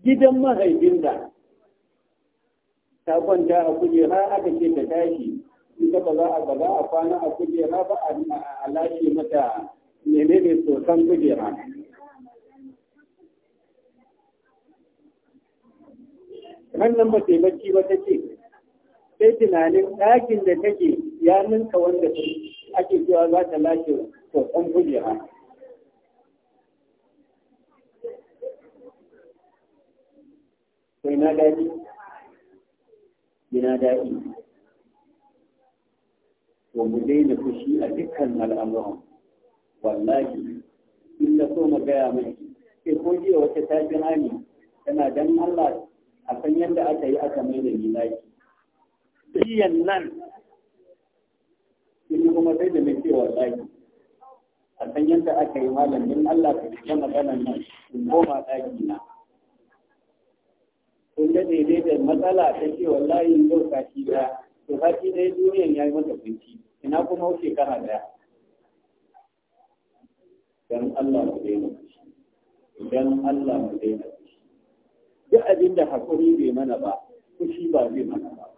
gidan mahaifinta ta kwanta a kujera aka ce ta tashi ita ba za a ba a kwana a kujera ba a lashe mata menene sosan kujera nan nan ba ta bacci ba ta ce sai tunanin ɗakin da take ya ninka wanda ta ake cewa za ta lashe tsotson kujera. Sai na daɗi? Ina daɗi. Wa mu daina fushi a dukkan al'amuran. Wallahi, in na so mu gaya mai, sai ko jiya wata ta ji hani tana dan Allah a san yadda aka yi aka mai da milaki. biyan nan in kuma sai da mai cewa tsaki a san yadda aka yi malamin Allah ka fice maganar nan in koma tsaki na kun da daidai da matsala ta ce wallahi yau kashi da to kashi dai, duniyan ya yi mata kunci ina kuma wuce kana daya dan Allah ku daina dan Allah ku daina duk abin da hakuri bai mana ba kushi ba zai mana ba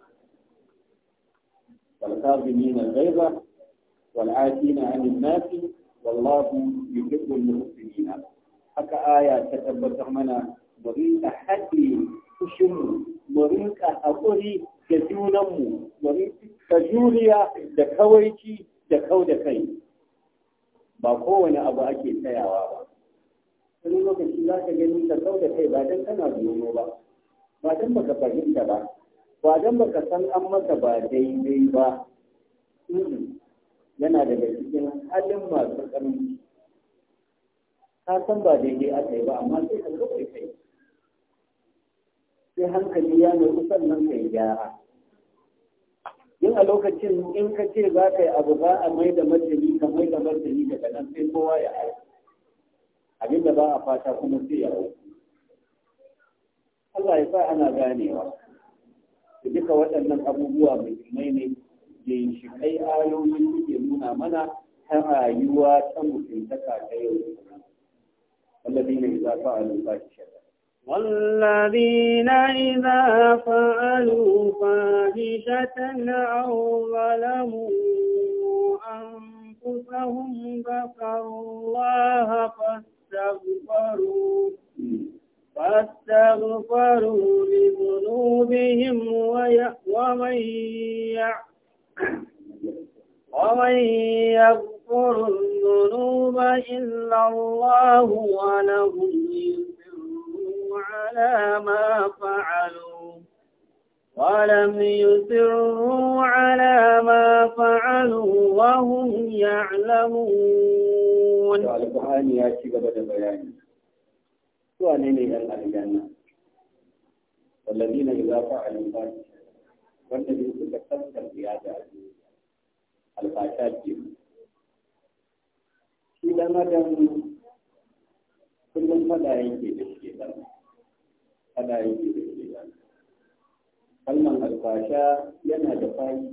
والكاظمين الغيظ والعافين عن الناس والله يحب المحسنين haka aya ta tabbatar mana mu rinka haɗin fushinmu mu rinka haƙuri da junanmu mu rinka juriya da kawaici da kau da kai ba kowane abu ake tsayawa ba wani lokaci za ka gani da kau da kai ba don kana zono ba ba don baka fahimta ba ba don baka san an masa ba daidai ba hmm. yana daga cikin halin masu karni. ka san ba daidai aka yi ba amma sai ka zo kai kai sai hankali ya nufi sannan kai gyara yin a lokacin in ka ce za ka yi abu ba a mai da martani ka mai da martani daga nan sai kowa ya hau abinda ba a fata kuma sai ya hau Allah ya sa ana ganewa duka waɗannan abubuwa muhimmai ne shi kai ayoyi suke nuna mana ta rayuwa ta mutuntaka ta yau والذين إذا فعلوا فاحشة والذين إذا فعلوا فاحشة أو ظلموا أنفسهم ذكروا الله فاستغفروا فاستغفروا لذنوبهم ومن ومن يغفر الذنوب إلا الله ولهم يسروا على ما فعلوا ولم يسروا على ما فعلوا وهم يعلمون. zuwa ne ne yan aljanna Wanda إذا فعلوا فاحشة والذين تكسبت زيادة الفاشات shi da madan kullum fada yake da shi da fada yake da shi da kalman alfasha yana da fari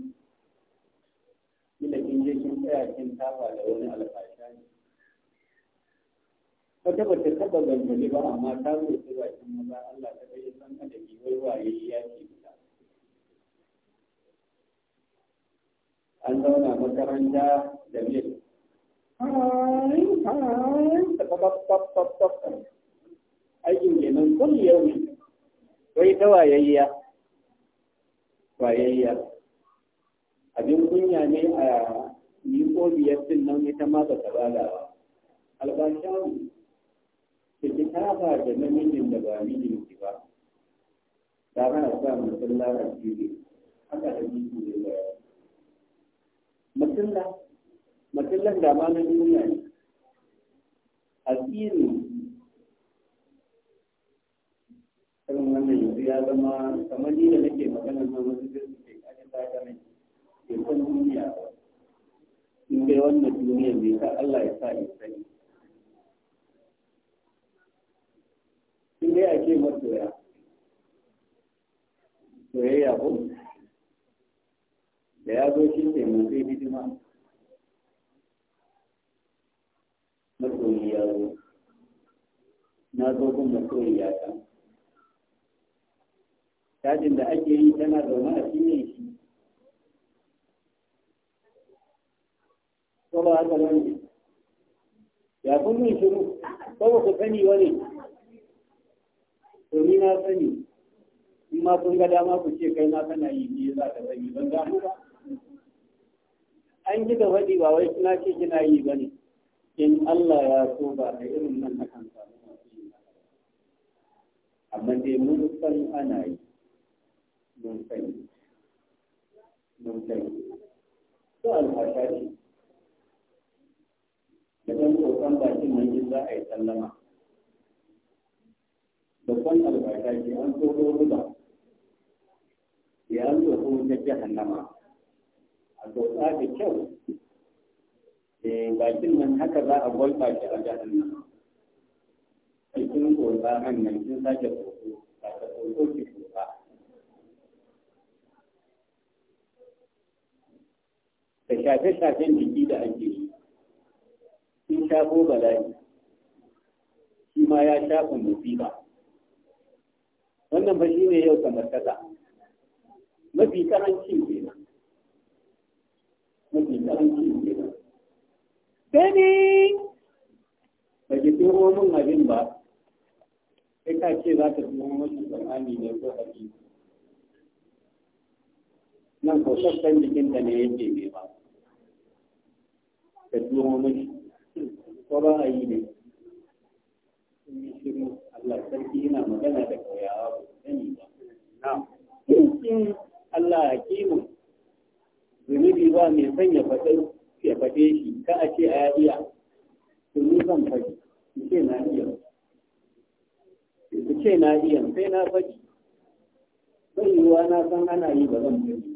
ila kin je kin tsaya kin tafa da wani alfasha wata ba ta taba gargaɗe ba amma ta roƙi bakin maza Allah ta kai san ka da biwai waye ya ce ta an zauna makaranta da mil aikin kenan kun yau ne wai ta wayayya wayayya abin kunya ne a yi ko biyar din nan ita ma ba ta bada albashawu ki saba da namijin da ba mijin ki ba ta hana sa mutum larabci ne haka da miji ne ba mutulla mutullan da ma na duniya ne asiri irin wannan yanzu ya zama kamar ni da nake magana na wasu jirgin ke kaji ta ga mai ke kan duniya in dai wannan duniya mai sa Allah ya sa ya sani sai dai a ce masoya soyayya ko da ya zo shi ke mun sai hidima masoyi ya zo na zo kun masoyi ya ta tajin da ake yi tana zaune a cikin shi ko ba haka ba ya kun yi shiru ko ba ku sani wani domin na sani in ma sun ga dama ku ce kai na kana yi ne za ka sani ban gano ba an kika faɗi ba wai kina ce kina yi ba ne in Allah ya so ba da irin nan na kan samu amma dai mun san ana yi mun sani mun sani to alfasha ce da ɗan tsokan mun yi za a yi sallama da kwan albarka ke an tsoro ruba ya an zo kuma ta jahannama a tsotsa da kyau eh, bakin nan haka za a gwalba shi a jahannama cikin tsotsa hannun sun sake tsotso ba ta tsotso ki tsotsa da shafe-shafen jiki da ake yi sun shafo bala'i shi ma ya shafa musiba wannan ba shi ne yau samartaka mafi karanci kenan mafi karanci kenan sani ba ki turo min abin ba sai ka ce za ta turo mashi qur'ani ne ko hadisi nan ko sassan jikinta ne yake ne ba ta turo mashi ko ba a yi ne Allah sarki yana magana da kauyawa ba su sani ba. Na'am. Allah hakimu zunubi ba mai sanya ya faɗe shi ka a ce a ya iya domin zan faɗi su ce na iya su ce na iya sai na faɗi sai yi wa na san ana yi ba zan faɗi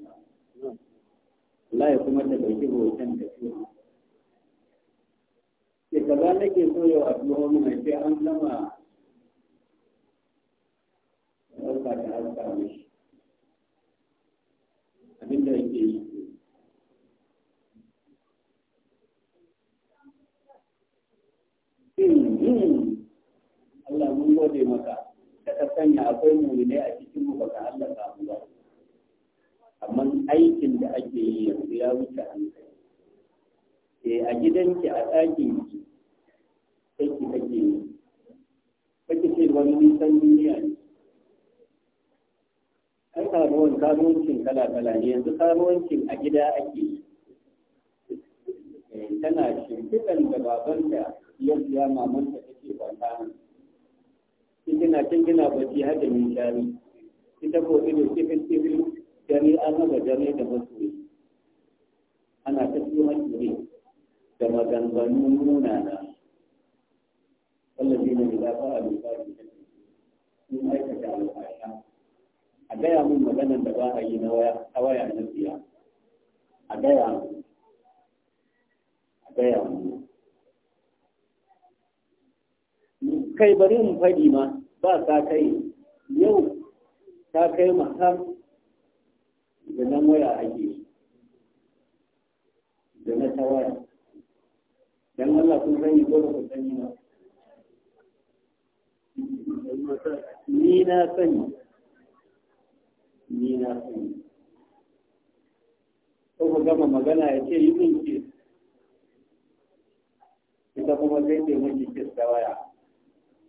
Allah ya kuma ta ɗauki hoton da su ke kaza nake so yau a tuho mai sai an gama kafin an same shi abin da yake yi Allah mun gode maka da ka sanya akwai ne a cikin mu baka Allah ka ba amma aikin da ake yi yanzu ya wuce hankali eh a gidanki a ɗakin ki sai ki kake ni. kake ce wani nisan duniya ne an karuwan karuwancin kala-kala ne yanzu karuwancin a gida ake yi eh, tana shimfiɗan da da ya siya mamanta take kwanta tana cin gina bacci har da min jari ita ko da kifin kifin dare an maka dare da masoyi ana ta masu ne da maganganun nuna na wallafi na gida ba a lufa in aikata a gaya mun maganar da ba a yi na waya a waya na biya. a gaya min a gaya min kai bari mu faɗi ma ba ta kai yau ta kai ma har da nan waya ake da na ta waya don Allah kun sani ko da kun sani ba ni na sani ni na sani kuma ku gama magana ya ce yi min ki ita kuma sai ce miki kis da waya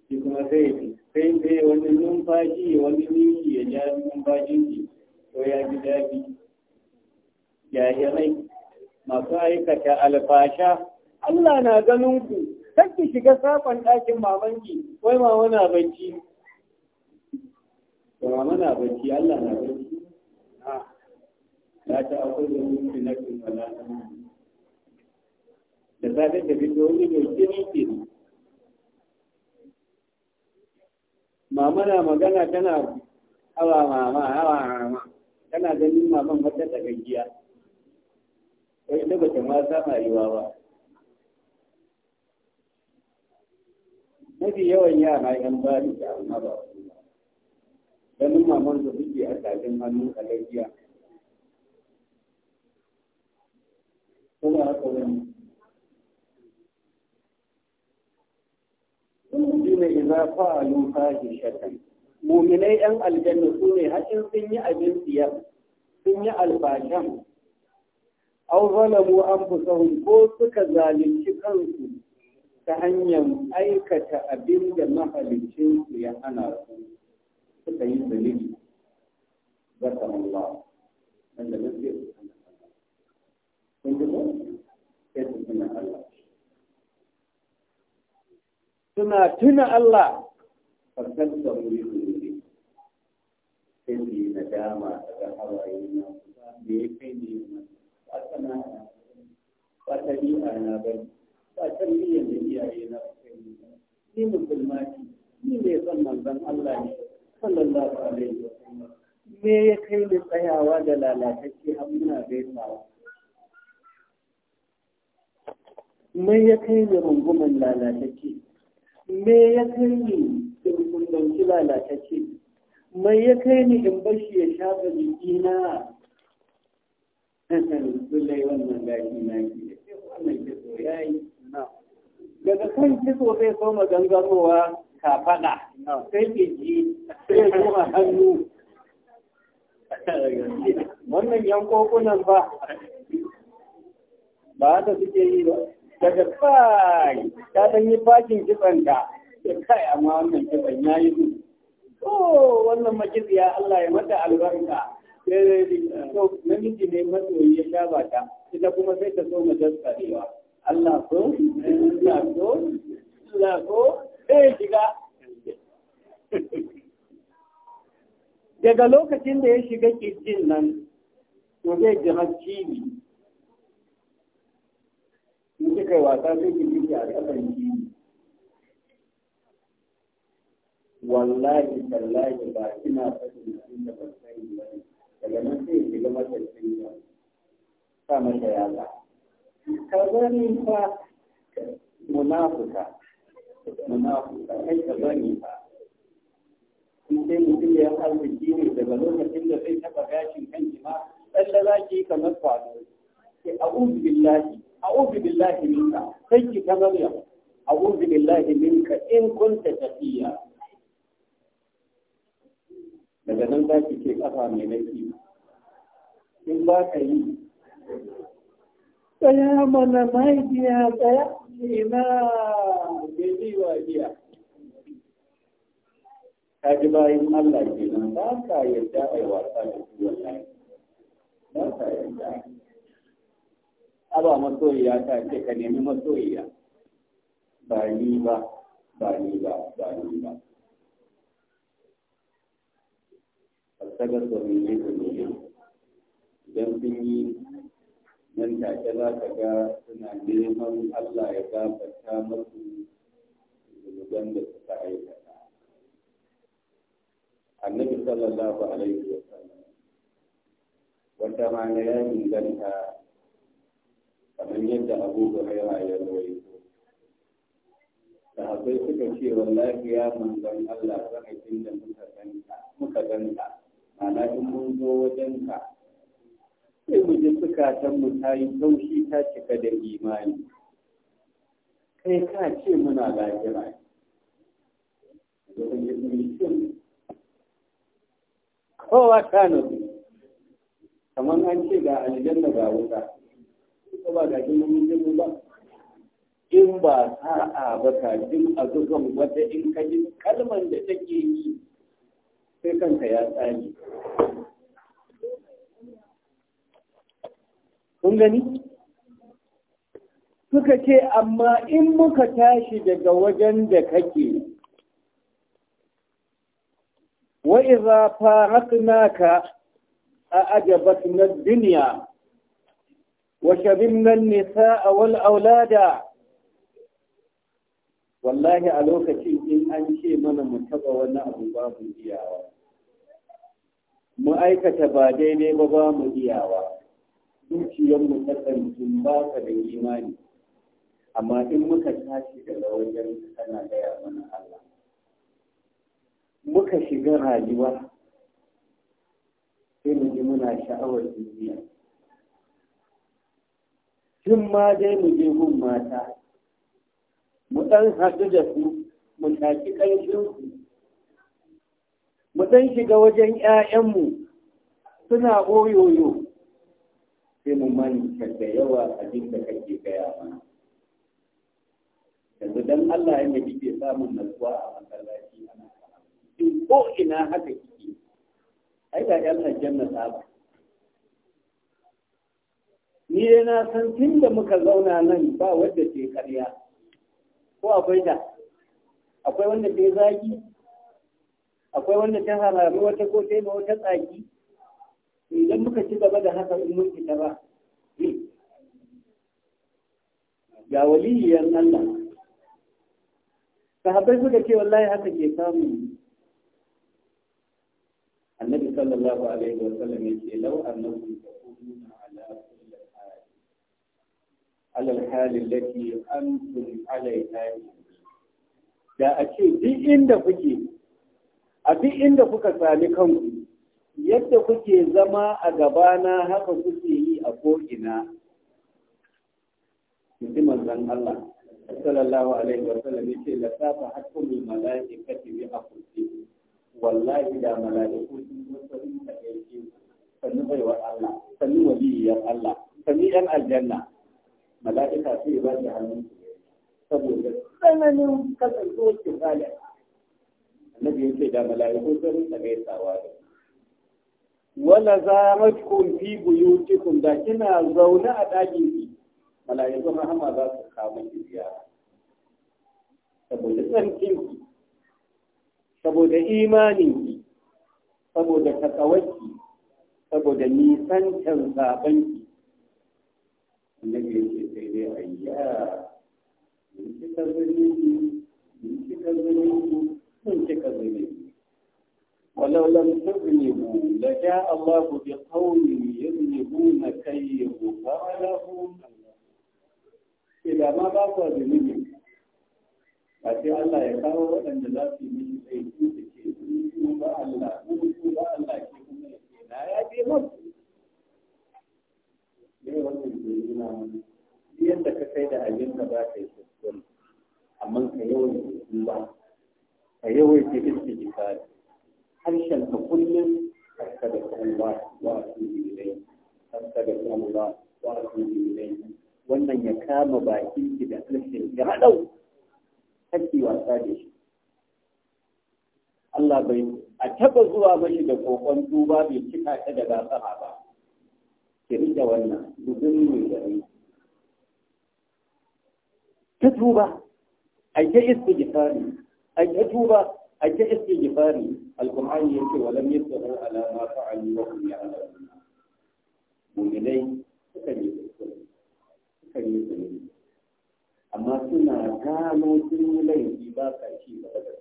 shi kuma sai sai sai wani numfashi wani niyi ya ja numfashin ki ko ya ji daɗi ya yi rai masu aikata alfasha Allah na ganin ku kar ki shiga sakon ɗakin mamanki wai mama na bacci ba mana bacci Allah na bacci Ya ta akwai da mutu na kin wala da safe da fito wani da jini ke mama na magana tana hawa mama hawa mama tana ganin maman wata tagaggiya wai ita bata ma sama yiwa ba mafi yawan yara yan bari da amma ba ganin maman da suke a tafin hannu a lafiya kuma haka wani Mutum ne za fa'alu shatan. muminai ‘yan aljanna su ne haƙin sun yi abin siya sun yi albashan au zalamu an fusahun ko suka zalunci kansu ta hanyar aikata abin da mahalicinsu ya hana su suka yi zunubi zakar Allah wanda na kun ji sai su tuna Allah suna tuna Allah farkar da wuri zunubi sai su yi nadama hawaye na da ya kai ne ba sana'a ba na ba iyaye na ni ni son manzon Allah ne sallallahu me ya kai ni tsayawa da lalatacce har muna gaisawa me ya kai ni runguman lalatacce me ya kai ni in kundanci lalatacce me ya kai ni in bashi ya shafa jikina Zulai (laughs) wannan gashi na ke, wannan kitso ya yi. Daga kan kitso zai so magangarowa kafada sai kirji sai kuma hannu wannan yankokunan ba ba ta suke yi ba daga kai ta ɗan yi fakin kitsan ka da kai amma wannan kitsan ya yi su oh wannan makiziya Allah ya mata albarka so namiji ne masoyi ya sha bata ita kuma sai ta so mu daskarewa Allah so Allah so Allah so sai ya shiga daga lokacin da ya shiga kirjin nan to zai ji hacci ne in kika yi wasa sai ki ji a kasan kiwi wallahi tallahi ba kina da abin da ban sani ba daga nan sai ya shiga masa cinya sa masa yaza ka gani fa munafuka munafuka kai ka ba ya arziki ne daga lokacin da zai taba gashin kan billahi billahi minka sai ki billahi minka in tafiya daga nan za ki mai laifi in ba ka yi tsaya mana mahaifiya tsaya imam biya ka ji bayan Allah ke nan ba ka yarda a yi wasa da su wallahi ba ka yarda aba masoyiya ta ce ka nemi masoyiya ba ni ba ba ni ba ba ni ba fasagar domin ne domin idan sun yi nan take za ka ga suna neman Allah ya gafarta masu zunuban da suka aikata. Annabi sallallahu alaihi wa sallam wata rana ya ganta kamar yadda Abu Hurairah ya Da akwai suka ce wallahi ya manzon Allah sanadin da muka ganta, muka ma'ana in mun zo wajenka sai mu ji mu ta yi taushi ta cika da imani kai ka ce muna lahira kowa ta nufi kamar an ce ga aljanna ga wuta ko ba ga jin mun jin ba in ba sa'a ba ka jin a wata in ka kalman da take yi sai kanka ya tsani kun gani suka ce amma in muka tashi daga wajen da kake wa iza faraknaka a na duniya wa nisa a wal aulada wallahi a lokacin in an ce mana mu taba wani abu babu iyawa mu aikata ba daidai ba ba mu iyawa zuciyar mu ta tsanci ba ka da imani amma in muka tashi daga wajen tana gaya mana Allah muka shiga rayuwa sai mu ji muna sha'awar duniya tun ma dai mu je gun mata mu ɗan haɗu da su mu shaƙi ƙanshinsu mu ɗan shiga wajen ‘ya'yanmu suna oyoyo sai mu manta da yawa abin da kake gaya mana yanzu dan Allah yana kike samun natsuwa a masallaci ana in ko ina haka kike ai ga yan na saba ni dai na san tun da muka zauna nan ba wanda ke karya ko akwai da akwai wanda ke zagi akwai wanda ta halaru wata ko ta wata tsaki idan muka ci gaba da haka in mun fita ba ga waliyyar Allah sahabbai suka ce wallahi haka ke samu annabi sallallahu alaihi wa sallam ya ce law annakum taquluna ala kulli hal ala al-hal allati antum alaiha da a ce duk inda kuke a duk inda kuka sami kanku yadda kuke zama a gabana haka kuke yi a ko'ina musamman zan Allah sallallahu alaihi wa sallam yace la safa hakumul malaikati bi afusi wallahi da malaiku sun zo sun take sannu wa Allah sannu ya Allah sannu yan aljanna malaika sai ba shi hannu. saboda tsananin kasancewa ki salih annabi yace da malaiku sun ta sawa da wala za matkun fi buyutikum da kina zaune a ɗakin ki malaikun rahama za su kawo ki ziyara saboda tsarkin ki saboda imanin ki saboda takawaki saboda nisantar zaben ki annabi ya ce sai dai ayya mun kika zunubi mun kika zunubi mun kika zunubi ولو لم تذنبوا لجاء الله بقوم يذنبون كي يغفر لهم إذا ما بقوا ذنبوا Ashe Allah ya kawo waɗanda za su yi mini aiki da ke su ba Allah, ke kuma na ya ce masu. Ne wannan ke yi na mani, ka kai da abin da ba ka yi sassan, amma ka yawan yi kuma, ka yawan yi kuma ka yi harshen ka kullum da astagfirullah wa atubu da astagfirullah wa atubu ilayhi wannan ya kama bakin ki da harshen ki hadau kake wasa da shi Allah bai a taba zuwa mashi da kokon duba bai cika ta da gafara ba ki rike wannan dubin mai gari ta tuba a ta istighfari a ta tuba a ta iske gifari alkur'ani ya ce walam yi tsoro ala ma fa'ali wa kun ya'ala mu'minai suka yi tsoro suka yi tsoro amma suna gano sun yi laifi ba ka shi ba da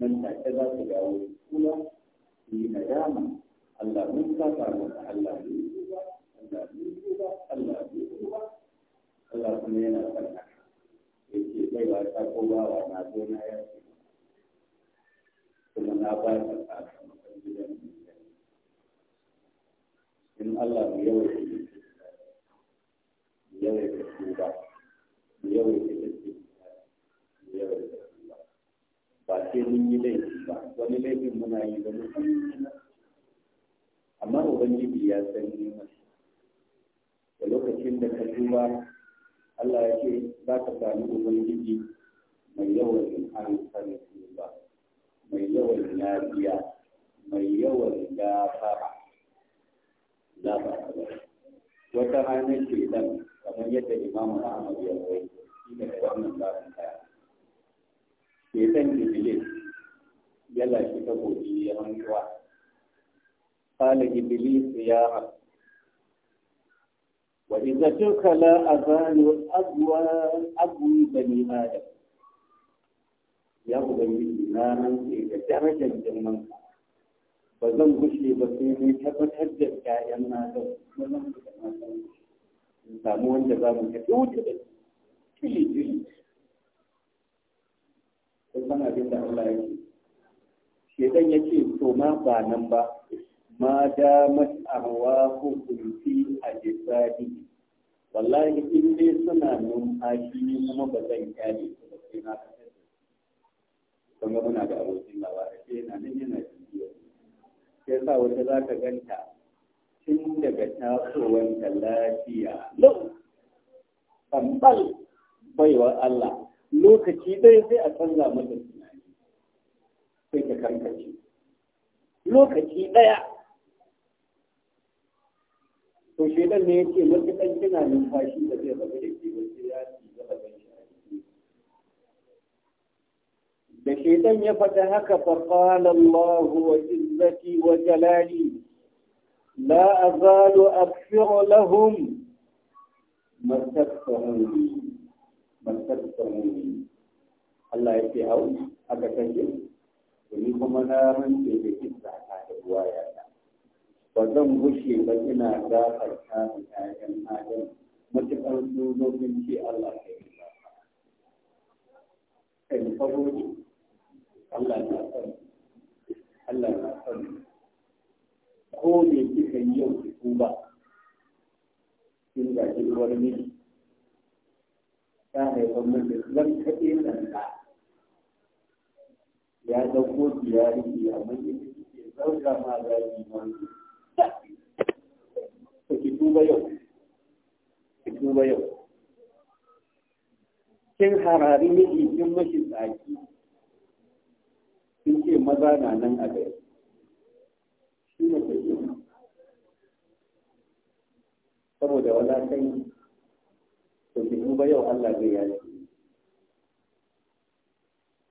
nan take za su dawo kula su yi nadama Allah mun kafa maka Allah mun duba Allah mun duba Allah mun duba Allah kuma yana son haka yake bai ta kowa bawa na zo na yanzu. kuma na ba ta sakamakon gidan mutum in Allah mu yawaita mu yawaita tuba mu yawaita gaske mu yawaita tuba ba sai mun yi laifi ba wani laifin muna yi ba, da mutum amma ubangiji ya san neman da lokacin da ka tuba Allah ya ce za ka sami ubangiji mai yawan an san mai yawan lafiya mai yawan gafara gafara wata hanyar ce dan kamar yadda imamu ahmad ya rai shi daga wannan babin kaya ke san iblis ya lashe ta gobe ya hantuwa قال إبليس يا رب وإذا ترك لا أزال أبوى بني آدم ya ubangiji na nan rantse da darajar girman ba zan gushe ba sai ne tabbatar da ƴaƴan na da mazan da matan in samu wanda za mu tafi wuce da tili tili ko san abin da Allah ya ce shedan ya ce to ma ba nan ba ma damat ahwaku fi ajsadi wallahi in dai suna numfashi kuma ba zan kyale ba sai na kuma ga muna da abokin gaba a ce yana nan yana bibiyar sai sa wata za ka ganta tun daga ta lafiya lau tambal baiwar Allah lokaci dai sai a canza mata tunani sai ta karkace lokaci ɗaya to shedan ne yake matuƙan kina numfashi da zai rabu da ke da shaitan ya faɗa haka faƙala Allah wa izzati wa jalali la azalu aghfiru lahum mastakfaruni mastakfaruni Allah ya ce hau aka kashe ni kuma na rance da kisa ta da ruwa ya ba zan gushe ba ina gafarta da ƴaƴan adam matuƙar sunokin ce Allah ya yi ba. Kan fahoji, Allah na sani Allah na sani ko me kika yi yau ki tuba kin ki wani miji ta haifar mun da zan kaɗe nan ɗa ya ɗauko biyari ya mun ya ke zauka ma yi man ki tuba yau ki tuba yau kin harari ne kin mashi tsaki sun ce maza na nan a gari shi ne ta yi saboda walakai to ki duba yau Allah zai yaji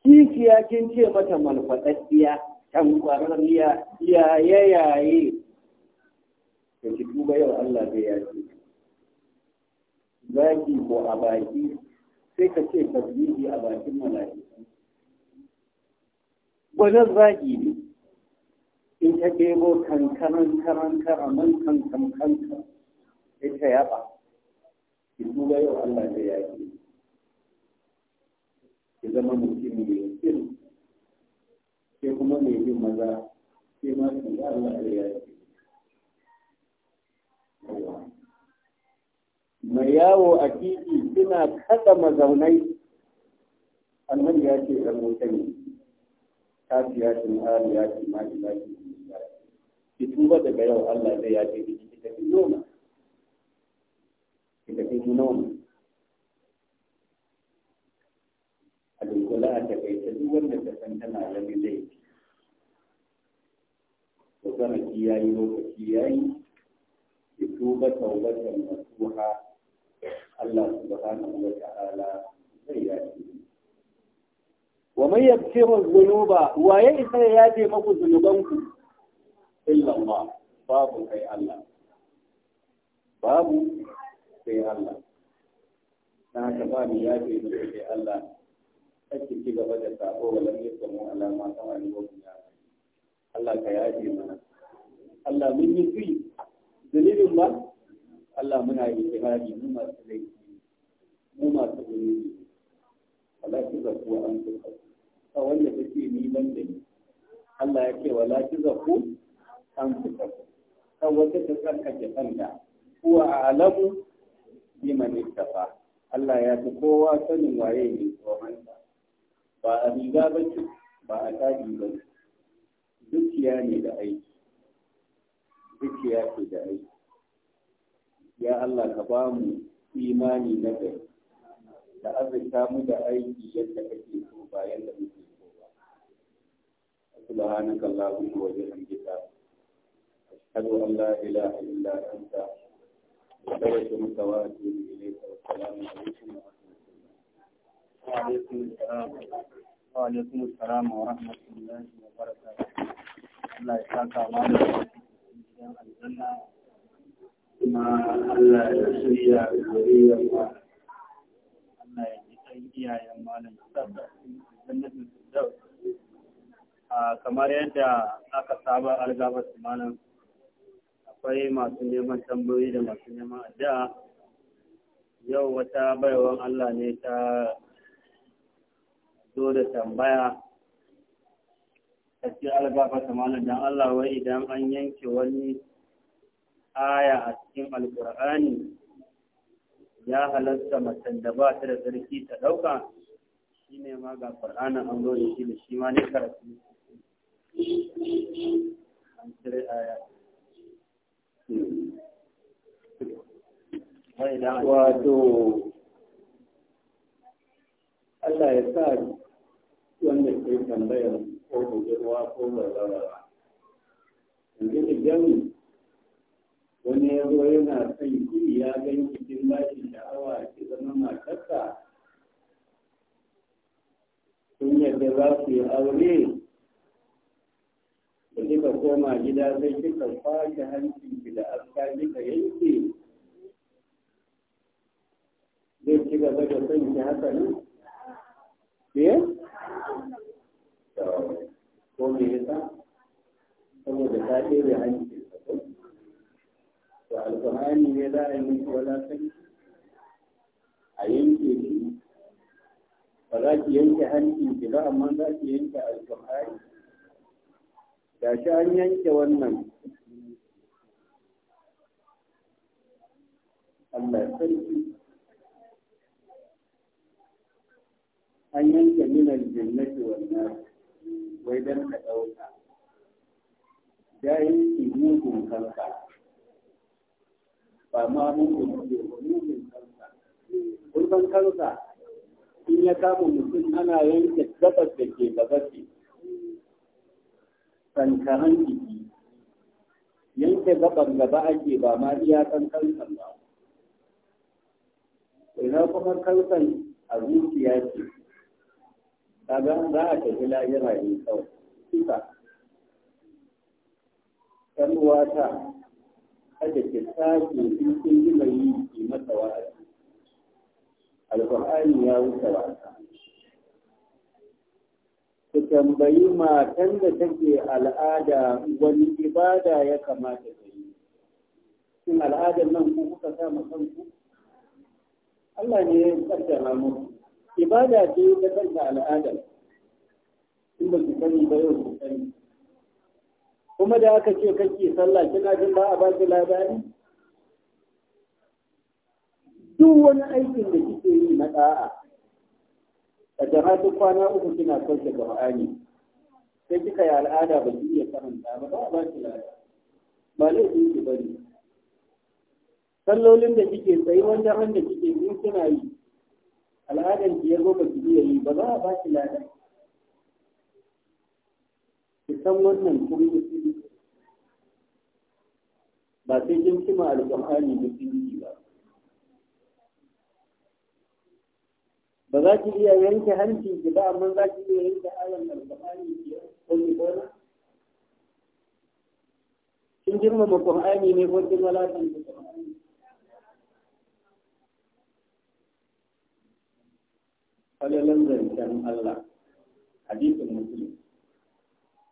kikiya kin ce mata malfaɗaɗɗiya tankwararriya yaye yaye to ki duba yau Allah zai yaji zaki ko a baki sai ka ce tasbihi a bakin mala'ika gwanar zagi ne in ta ɗebo kankanan karan nan kankan kankan sai ta yaba ki duba yau Allah da yaƙi ki zama mutum mai yin ke kuma mai yin maza ke ma ki Allah da yaƙi mai yawo a titi suna kada mazaunai annan ya ce ɗan mutane kafiyatin haliyatin ma'ilatin ki tuba daga yau Allah zai yafe miki ki tafi noma ki tafi noma a dunkula a takaita duk wanda ta san tana wani laifi to sana ki yayi lokaci yayi ki tuba taubatan nasuha Allah subhanahu wa ta'ala zai yafe wa mai yabtiru zunuba wa ya isa ya yafe maku zunubanku illa Allah babu kai Allah babu sai Allah na haka ba mu yafe mu kai Allah kake ki gaba da sako wa lamme kuma alama ta wani gobe ya Allah ka yafe mana Allah mun yi tsi dalilin ba Allah muna yi kirari mu masu laifi mu masu zunubi wala tuzaku an tuzaku ba wanda take ni ban da ni Allah ya ce wala tuzaku an tuzaku kan wata ta tsarkake kanta kuwa a alamu liman ittafa Allah ya fi kowa sanin waye ne ko tsoronsa ba a riga ba ce ba a taji ba ce dukiya ne da aiki dukiya ce da aiki ya Allah ka ba mu imani na gari da azurta mu da aiki yadda kake so ba yadda muke so ba subhanaka allahumma wa bihamdika ashhadu an la ilaha illa anta assalamu alaikum wa rahmatullah wa alaikum assalam wa rahmatullahi wa barakatuh Allah ya saka mana aljanna kuma Allah ya Allah iyayen kamar yadda aka saba algabar malam akwai masu neman tambayoyi da masu neman addu'a yau wata baiwan Allah ne ta zo da tambaya ta ce algabar malam dan Allah wai idan an yanke wani aya a cikin alkur'ani ya halatta macen da ba ta da tsarki ta ɗauka shi ne ma ga ƙwar'anin an zo da shi da shi ma ne karatu an cire aya wato Allah ya sa wanda ke tambayar ko budurwa ko bazawara yanzu idan wani ya zo yana son ki ya gan kin bashi sha'awa ki zama matarsa sun yadda za su yi aure da kika koma gida sai kika kwashe hancinki da aska kika yanke zai ci gaba da son ki haka nan eh ko me yasa saboda ta ɗebe hanci to alkur'ani ne za a yi miki wadatanci a yanke shi ba za ki yanke hanci ki ba amma za ki yanke alkur'ani da shi an yanke wannan Allah ya sarki an yanke minar jannati wannan wai don ka ɗauka ya yanke mugun kanka ba ma mugun ke mugun kansa gurban kansa in ya kama mutum ana yanke gabas da ke gaba ce sankaran jiki yanke gaban gaba ake ba ma iyakan kansan ba ina kuma karsan a zuciya ce kaga za a tafi lahira ne kawai Kusa. ɗan wata. kada ke sake in kin yi mai yi ki masa wa'azi alqur'ani ya wuce wasa. ku tambayi matan da take al'ada wani ibada ya kamata ta yi shin al'adar nan ku kuka sa kanku Allah ne ya kaddara muku ibada ce ta kanta al'adar in ba ki sani ba yau ku sani kuma da aka ce kake sallah kina jin ba a baki labari duk wani aikin da kike yi na da'a da jama'a duk kwana uku kina sauke Qur'ani sai kika yi al'ada ba ki iya karanta ba ba a baki labari ba laifin ki bari sallolin da kike tsayi wanda wanda kike yi kina yi al'adan ki ya zo ba ki iya yi ba za a baki labari san wannan kuma ba sai kin cima alƙur'ani da sinji ba ba za ki iya yanke hanci ki ba amma za ki iya yanke ayan alƙur'ani ki sani gona kin girmama ƙur'ani ne ko kin walatan da ƙur'ani falalan zancen Allah hadisin musulun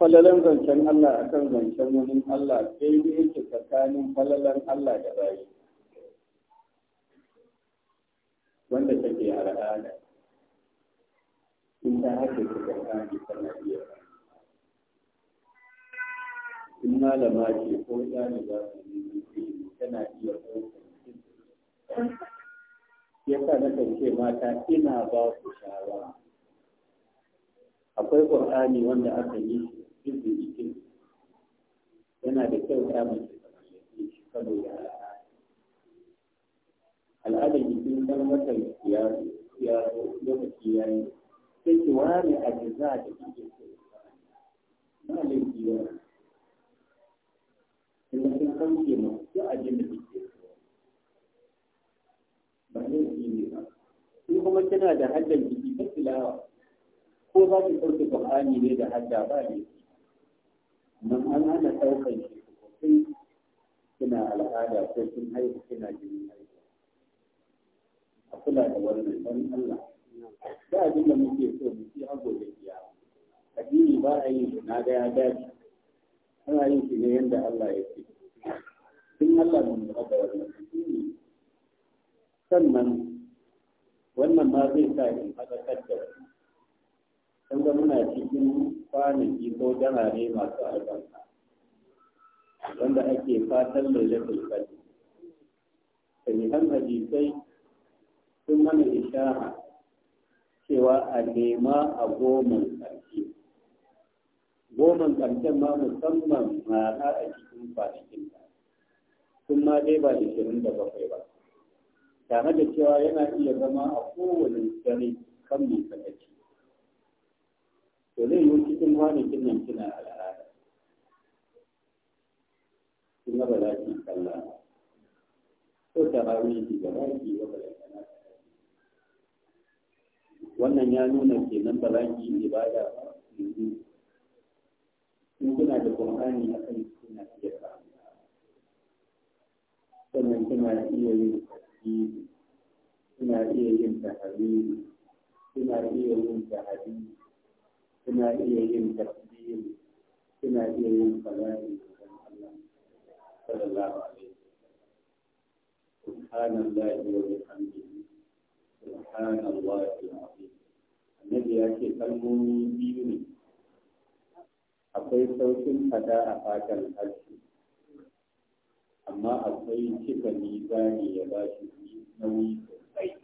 falalan zancen Allah akan zancen wani Allah daidai yake tsakanin falalan Allah da rayu wanda take al'ada in ta haka ta tsakanin sanadiyar in malama ce ko ɗani za su yi ilimi tana iya ɗaukar ya sa na ce mata ina ba su shawara akwai ƙur'ani wanda aka yi shi izini din yana da kyau ya mace ta mallake shi saboda al'ada al'adar jikin kalmatar ya ya lokaci ya yi sai ki ware a jiza da kike so ba laifi ba in kin kauce ma duk abin da kike so ba laifi ne ba in kuma kina da haddan jiki ta filawa. ko za ki ɗauke Qur'ani ne da hadda ba laifi amma an hana ɗaukan shi sosai kina al'ada ko sun haihu suna jini haihu a kula da wannan dan Allah da abin da muke so mu ci hago da kiyama addini ba a yin shi na ga ya dace ana yin shi ne yanda Allah ya ce in Allah mun da wannan addini sannan wannan ma zai sa in haɗa da wani kun ga muna cikin kwanaki ko jarare masu albarka wanda ake fatan mai lailatul qadr sahihan hadisai sun mana ishara cewa a nema a goman ƙarshe goman ƙarshen ma musamman mara a cikin kwanakin ta sun ma dai ba ishirin da bakwai ba tare da cewa yana iya zama a kowane dare kan mai sakaci to zai yi cikin kwanakin nan kina al'ada kin ga ba za ki kalla ko ta rawi ki ga ba ki ga ba wannan ya nuna kenan ba za ki yi ibada ba in kuna da qur'ani akan kuna iya samu sannan kuna iya yin tasbihi kuna iya yin tahlil kuna iya yin tahlil suna iya yin tasbihi suna iya yin salati ga Allah sallallahu alaihi subhanallahi wa bihamdihi subhanallahi alazim annabi ya ce kalmomi biyu ne akwai saukin fada a fatan harshe amma akwai cika mizani ya ba shi nauyi sosai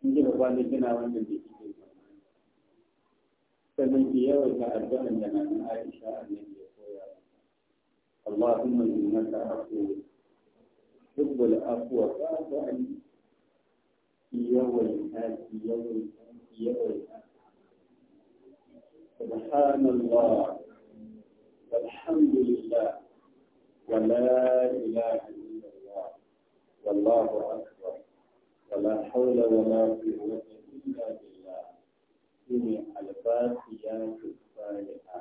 in ji ba ne, kina wannan da sannan ki yawaita addu'an da na Aisha annabi ya koya Allahumma innaka afuwwun tubbul afwa fa'fu anni ki yawaita ki yawaita ki yawaita سبحان الله والحمد لله ولا إله إلا الله والله أكبر ولا حول ولا قوة إلا بالله ya ne albasiyatu a?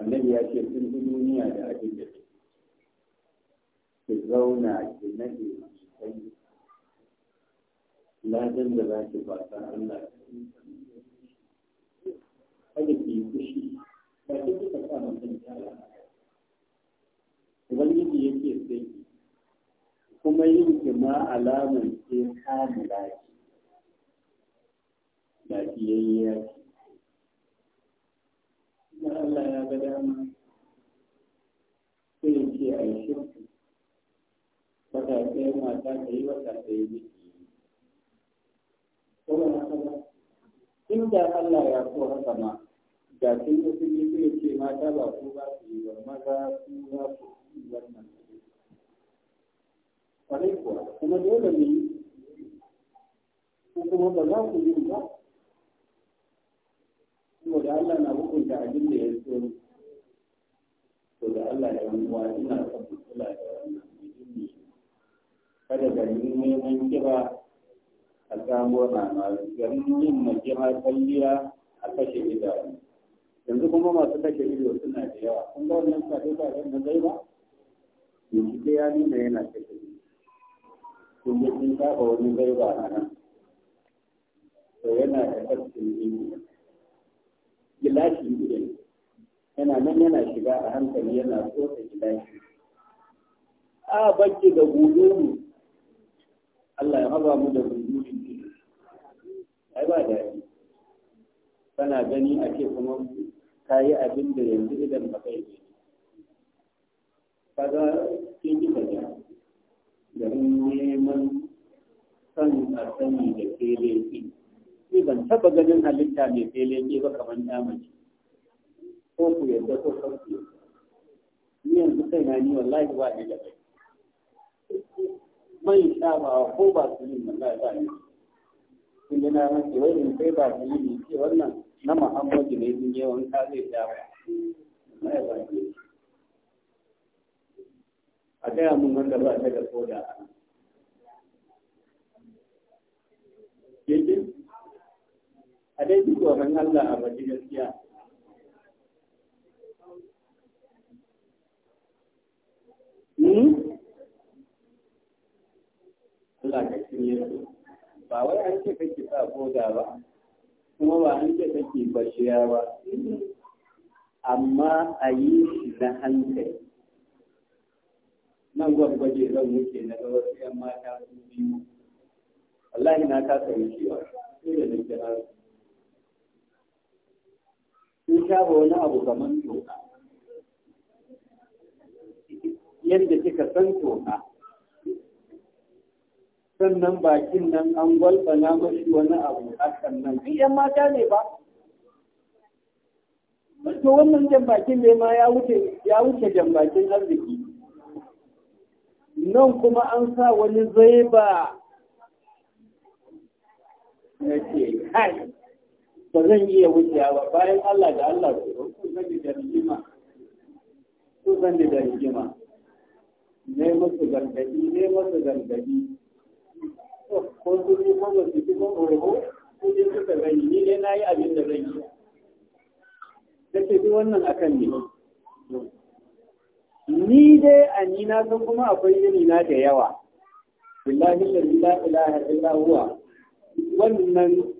annabi ya ce sun fi duniya da abin da ke ki zauna ki nade ki kai ladan da za ki fata Allah yi kada ki yi fushi ba ki kika sa mutum ya Ubangiji yake sai kuma yin ki ma alamun ke kamu lafiya lafiyayya na Allah ya ga dama sai ce a yi shirka wata ɗaya mata ta yi wata ɗaya jiki. Kuma na haka in da Allah ya so haka ma da sun yi sun yi sai ce mata ba ku ba su yi wa maza ku za ku yi wannan kwarai kuwa kuma dole ne ko kuma ba za ku yi ba saboda Allah na hukunta abin da ya so to da Allah ya ruwa ina son kula da wannan muhimmi kada garin neman kira a samu rana yin a kashe idanu yanzu kuma masu kashe ido suna da yawa kun ga wannan kaɗe na zai ba yanzu da ya nuna yana kashe ido kun sun saba wani zai a nan to yana da kashe ido gilashi guda ne yana nan yana shiga a hankali yana tsotsa gilashi a baki da guduru Allah ya haba mu da guduru ai ba da kana gani a ce kuma ka yi abin da yanzu idan ba kai ne kaga kin ji kaza garin neman san a sani da kele ɗin. ni ban taba ganin halitta mai fele ke ba kamar damaci ko ku yarda ko kan ku ni yanzu kai na ni wallahi ba ni da kai mai shafawa ko ba su yi wallahi ba ni kun ji mace wai in kai ba su yi ce wannan na muhammadu ne sun yi wanka zai dawo wallahi ba ni a gaya mun wanda ba ta da koda yake a dai duk tsoron Allah a baki gaskiya hmm? Allah ka shirye su ba wai an ce kake sa koda ba kuma ba an ce kake bashiya ba amma a yi shi na hankali nan gwagwaje zan wuce na ga wasu 'yan mata su biyu wallahi na kasa wucewa sai da na sun shafa wani abu zaman toka yadda kika san toka sannan bakin nan an gwalbana mashi wani abu a sannan duk yan mata ne ba to wannan jambakin ne ma ya wuce ya wuce jambakin arziki nan kuma an sa wani zai ba. na ce kai ba zan iya wucewa ba bayan Allah da Allah su zan da rigima Su zan da rigima ne musu gargadi ne musu gargadi ko su yi ko ba su yi ko ko ko je suka zan yi ni dai na yi abin da zan yi take duk wannan akan ne ni dai a ni na san kuma akwai yini na da yawa billahi la ilaha illa huwa wannan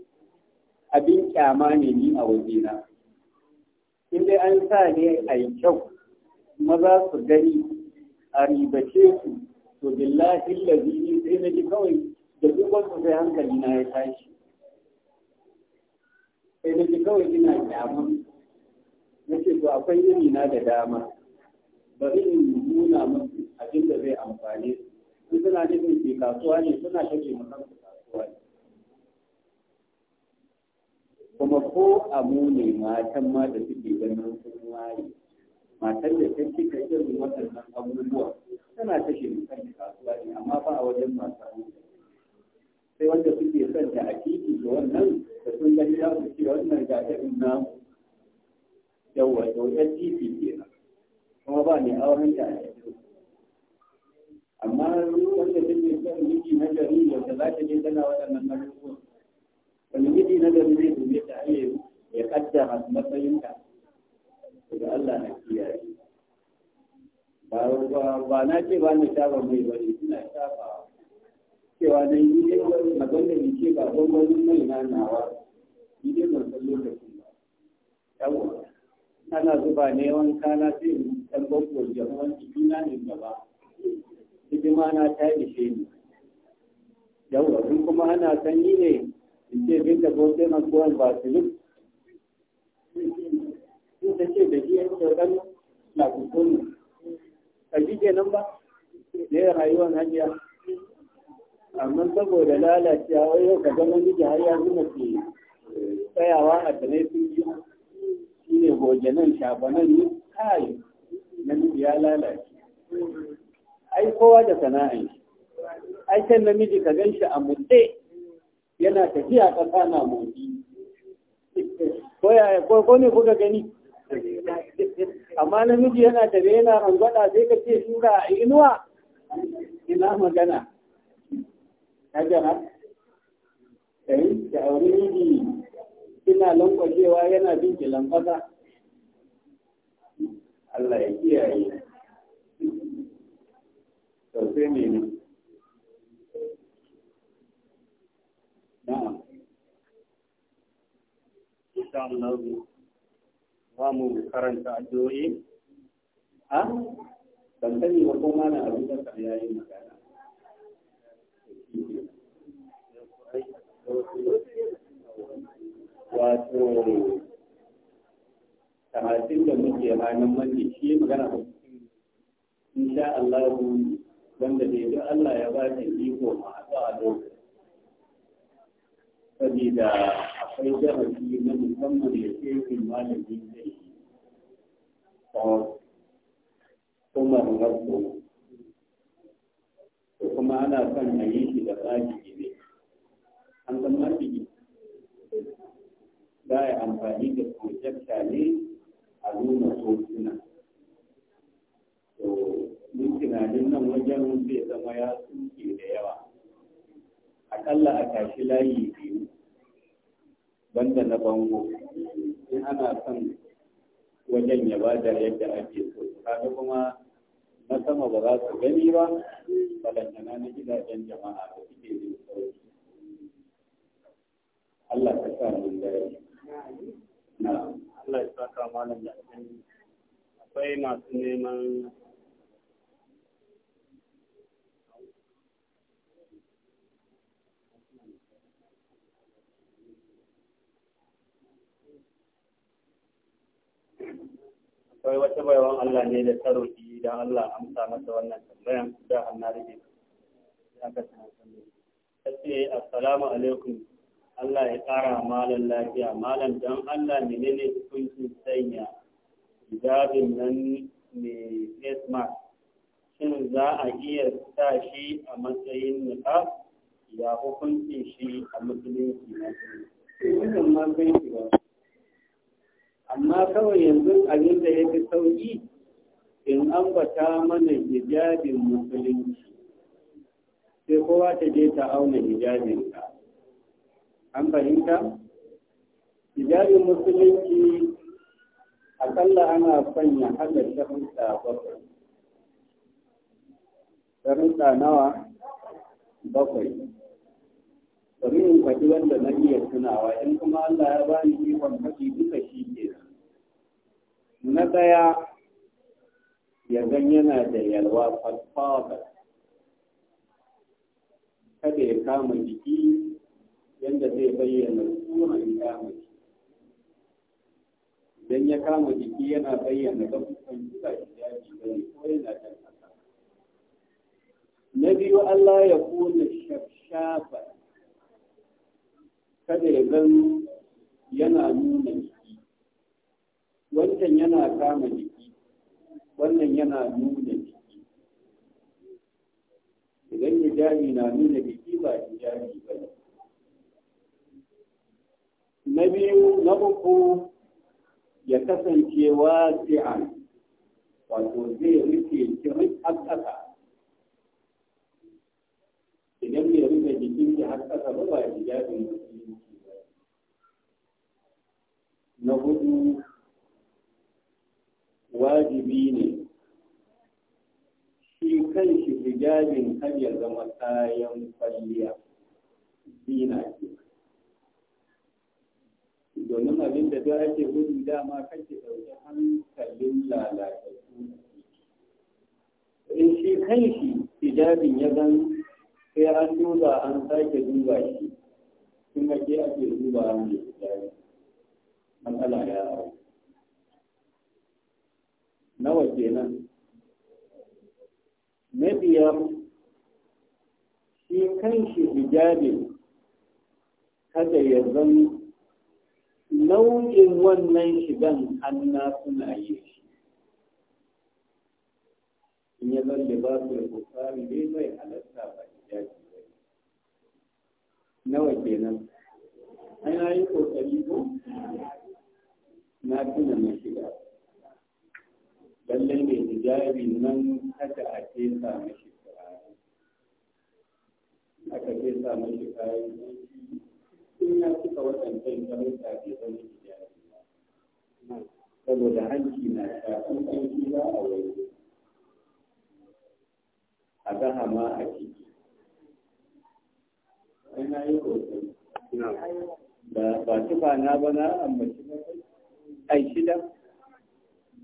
abin kyama ne ni a wajena in dai an sa ne a yi kyau maza su gani a ribace su to billahi lazini sai na ji kawai da duk wasu sai hankali na ya tashi sai na ji kawai ina kyama na ce to akwai iri na da dama bari in nuna musu abin da zai amfane su suna nufin ke kasuwa ne suna kake musamman kasuwa ne kuma ko a mu ne matan ma da suke ganin sun waye matan da ta cika irin waɗannan abubuwa tana ta shi kan kasuwa ne amma ba a wajen masu hankali sai wanda suke son ta a titi da wannan da sun gani za su ce wannan ga irin na yawa yautar titi ke nan kuma ba mai auren ta a cikin amma wanda suke son miji na jari da za ta je tana waɗannan abubuwa kalmiji na gari zai dube ta ayye ya kaddara matsayinka daga Allah na kiyaye ba na ce ba na shafa mai ba ne ina shafa cewa na yi ne magan da ce ba gwangwanin mai na nawa yi ne ban san lokacin ba yawa ana zuba ne wanka na sai in san gwangwar jama'an jikina ne gaba hidima na ta ishe ni yawa in kuma ana sanyi ne ce binta ko sai na koyan ba su yi su ta ce da shi yan kyautan na kusuru a ji kenan ba da ya rayuwar hajiya amma saboda lalacewa wai yau ka zama miji har ya zuma ke tsayawa a tsanai sun yi shi ne goge nan shafa nan ne kai namiji ya lalace ai kowa da sana'a ai kan namiji ka gan shi a mutse yana tafiya ƙasa na motsi ko yaya ko ne kuka gani amma namiji yana tabe yana rangwada sai ka ce shura a inuwa ina magana ka jara eh da aure miji ina lankwashewa yana bin ki lankwasa Allah ya kiyaye Sosai ne ne na'am insha Allah za mu karanta addu'o'i a ban sani ba kuma mana abin da yayin magana wato talatin da muke ranar mandi shi magana ba in sha Allah wanda ne Allah ya ba ta iko ma a lokacin saboda akwai darasi na musamman da ke malami ne yi a umar rasu ko kuma ana son a yi shi da tsaki ne an san mafiki za a amfani da projecta ne a nuna sosuna to mun tunanin nan wajen zai zama ya suke da yawa akalla a tashi layi biyu banda na bango in ana son wajen ya ba da yadda ake so kaga kuma na sama ba za su gani ba balantana na gidajen jama'a da suke jin sauki Allah ka sa mun dare na Allah ya saka malam da akwai masu neman Kawai wata baiwan Allah ne da ta roƙi da Allah amsa masa wannan tambayan da annabi ne Ya ka Ta Assalamu alaikum, Allah ya ƙara malam lafiya, malam don Allah menene hukuncin sanya hijabin nan mai face mask. Shin za a iya sa shi a matsayin niqab? Ya hukunci shi a musulunci na Wannan ma amma kawai yanzu abin da ya fi sauki in ambata mana hijabin musulunci sai kowa ta je ta auna hijabinka an fahimta hijabin musulunci akalla ana son ya haɗa shafinta bakwai shahunta nawa bakwai bari in faɗi wanda na iya tunawa in kuma Allah ya bani ikon faɗi duka shi ke na ɗaya ya gan yana da yalwa fasfawa kada ya kama jiki yadda zai bayyana tsoron kama jiki idan ya kama jiki yana bayyana gafukan ya ji bane ko yana da kasa na biyu Allah ya kone shafshafa kada ya gan yana nuna wancan yana kama jiki wannan yana nuna jiki idan hijabi na nuna jiki ba hijabi ba ne na biyu na uku ya kasance wasi'an wato zai rufe kirin haskaka idan ya rufe jikin ki haskaka ba ba hijabin musulunci ba na hudu wajibi ne shi kan shi hijabin har ya zama kayan kwalliya zina ke domin abin da duk ake gudu dama ke ɗauki hankalin lalatattu in shi kan shi hijabin ya zan sai an duba an sake duba shi kuma ke ake duba an da hijabi matsala ya aure nawa kenan na biyar shi kanshi hijabi kada ya zama nau'in wannan shigan hanna suna yi shi in ya zan libasul bukari dai bai halatta ba hijabi bai nawa kenan ana yi kokari ko na tuna na shiga lallai mai hijabi nan haka a sa mashi kayan aka fesa mashi kayan sun ya suka waɗancan ta ke zama hijabi saboda hanci na shafin kanki ba a wani a ga hama a ciki sai na yi hoton ba tufa na ba na ambaci na kai ai shida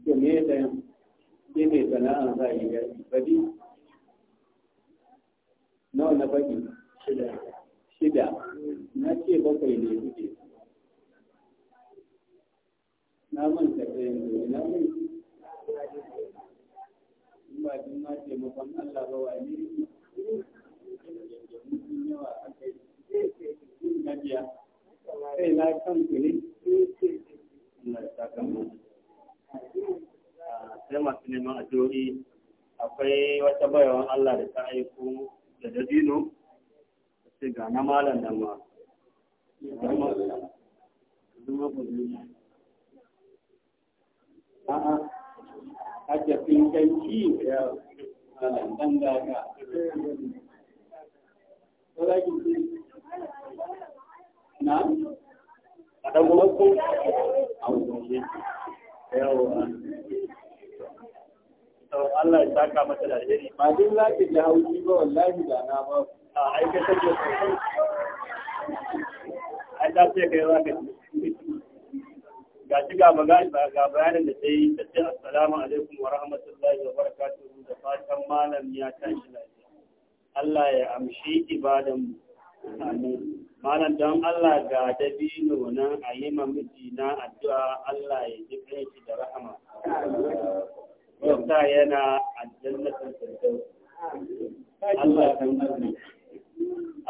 to me da yanzu sai mai sana'a za yi ya fadi nawa na fadi shida na ce bakwai ne suke na manta ɗayan zuwa na mai in ba jin ma taimakon Allah ba wa ne yawa aka yi na biya sai na kan kuri na sakamako sai masu neman addu'o'i akwai wata bayawan Allah da ta aiko da dabino sai ga na malam da ma a'a ya na a ɗan gwamnati a wajen Allah ya saka mata da alheri ba duk laki da hauki ba wallahi da na ba a aikata da sosai an da sai kai zaka ci ga shi ga magana ga bayanin da sai ta ce assalamu alaikum wa rahmatullahi wa barakatuhu da fatan malam ya tashi lafiya Allah ya amshi ibadan amin malam don Allah ga dabino nan a yi mamiji na addu'a Allah ya ji kai da rahama yasa yana aljannatin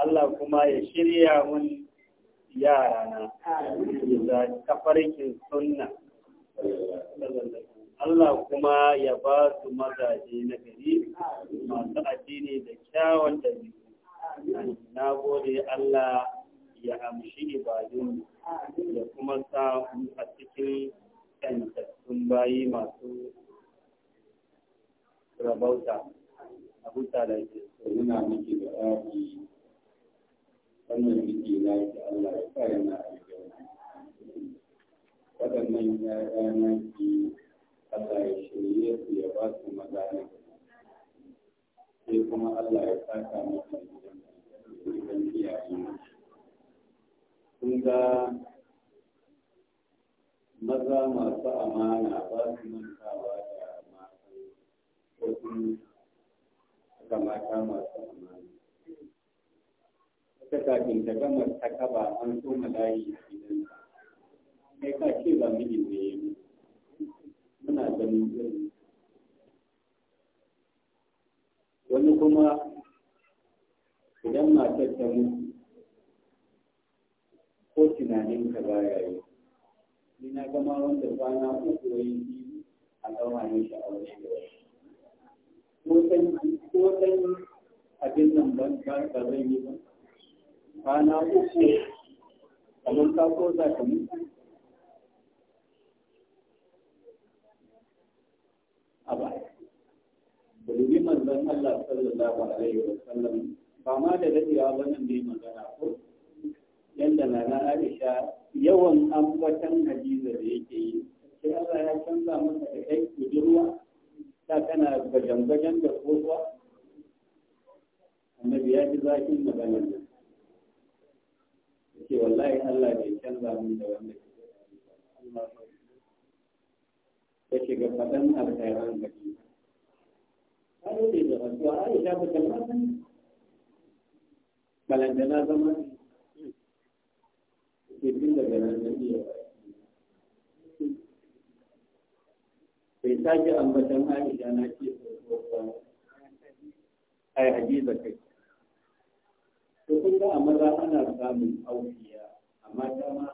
Allah kuma ya shirya mun yarana da tafarkin sunna Allah kuma ya ba su mazaje na gari masu addini da kyawun ɗabi'u. Na gode Allah ya amshi ibadun ya kuma sa a cikin sun bayi masu rabauta a huta da ke muna miki da rafi wannan miki na Allah ya sa yana aljanna waɗannan ya'ya na ki Allah ya shirye su ya ba su maza sai kuma Allah ya saka miki idan iyaye kun ga maza masu amana ba su mantawa da ga mata masu amani. ta kafin ta gama ta kaba an so layi gidan gidansa kai ka ce ba mini ne ya yi muna ganin irin wani kuma idan matar ta mutu ko tunanin ka baya yi ni na gama wanda kwana uku wai a ɗaura mishi aure da ka zan yi ba kwana uku kamar ka ko za ka mutu a baya da dubi manzon Allah sallallahu alaihi wa sallam ba ma da dadewa ba nan ne magana ko na na Aisha yawan ambatan Hadiza da yake yi sai Allah ya canza masa da kai ruwa? ta kana gajan-gajan da kowa annabi ya ji zafin maganar nan yake wallahi Allah bai canza mun da wanda ke Allah yake ga faɗan alkhairan gaji kare ne da wasu a aisha ba kalma san balantana zama ke tun daga nan da iya bai sake ambatan aisha na ce ai hajiza kai to kun ga a maza ana samun aukiya amma ta ma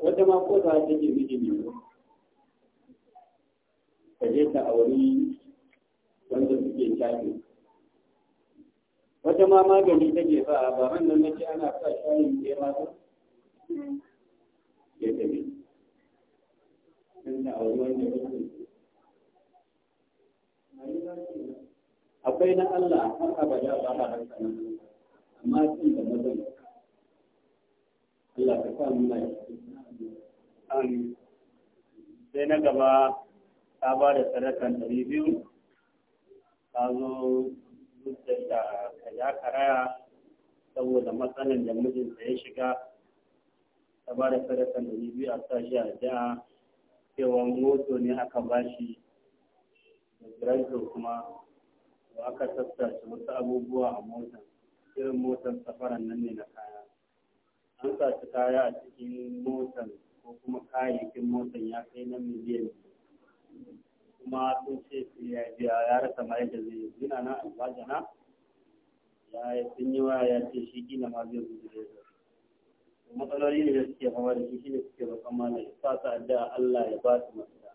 wata ma ko za ta ke miji ne ko ka je ta auri wanda suke shafi wata ma magani ta ke take ba ba wannan nake ana sa shayin ke ma ba ya tafi dan ta auri wanda suke akwai na Allah har abada ba a rasa amma cin da mazan Allah ka sa mu mai amin sai na gaba ta ba da sadakan ɗari biyu ta zo duk da ka ya karaya saboda matsalan da mijinta ya shiga ta ba da sadakan ɗari biyu a shi a jiha cewa moto ne aka bashi da kuma To aka sassace wasu abubuwa a motar irin motar safaran nan ne na kaya an sace kaya a cikin motar ko kuma kayayyakin motar ya kai na miliyan kuma sun ce ya biya ya rasa ma yadda zai gina na albajana ya yi sun yi waya ya ce shi gina ma zai zuwa da matsaloli ne da suke fama da shi shi ne suke roƙon mana ya sa da Allah ya ba su mafita.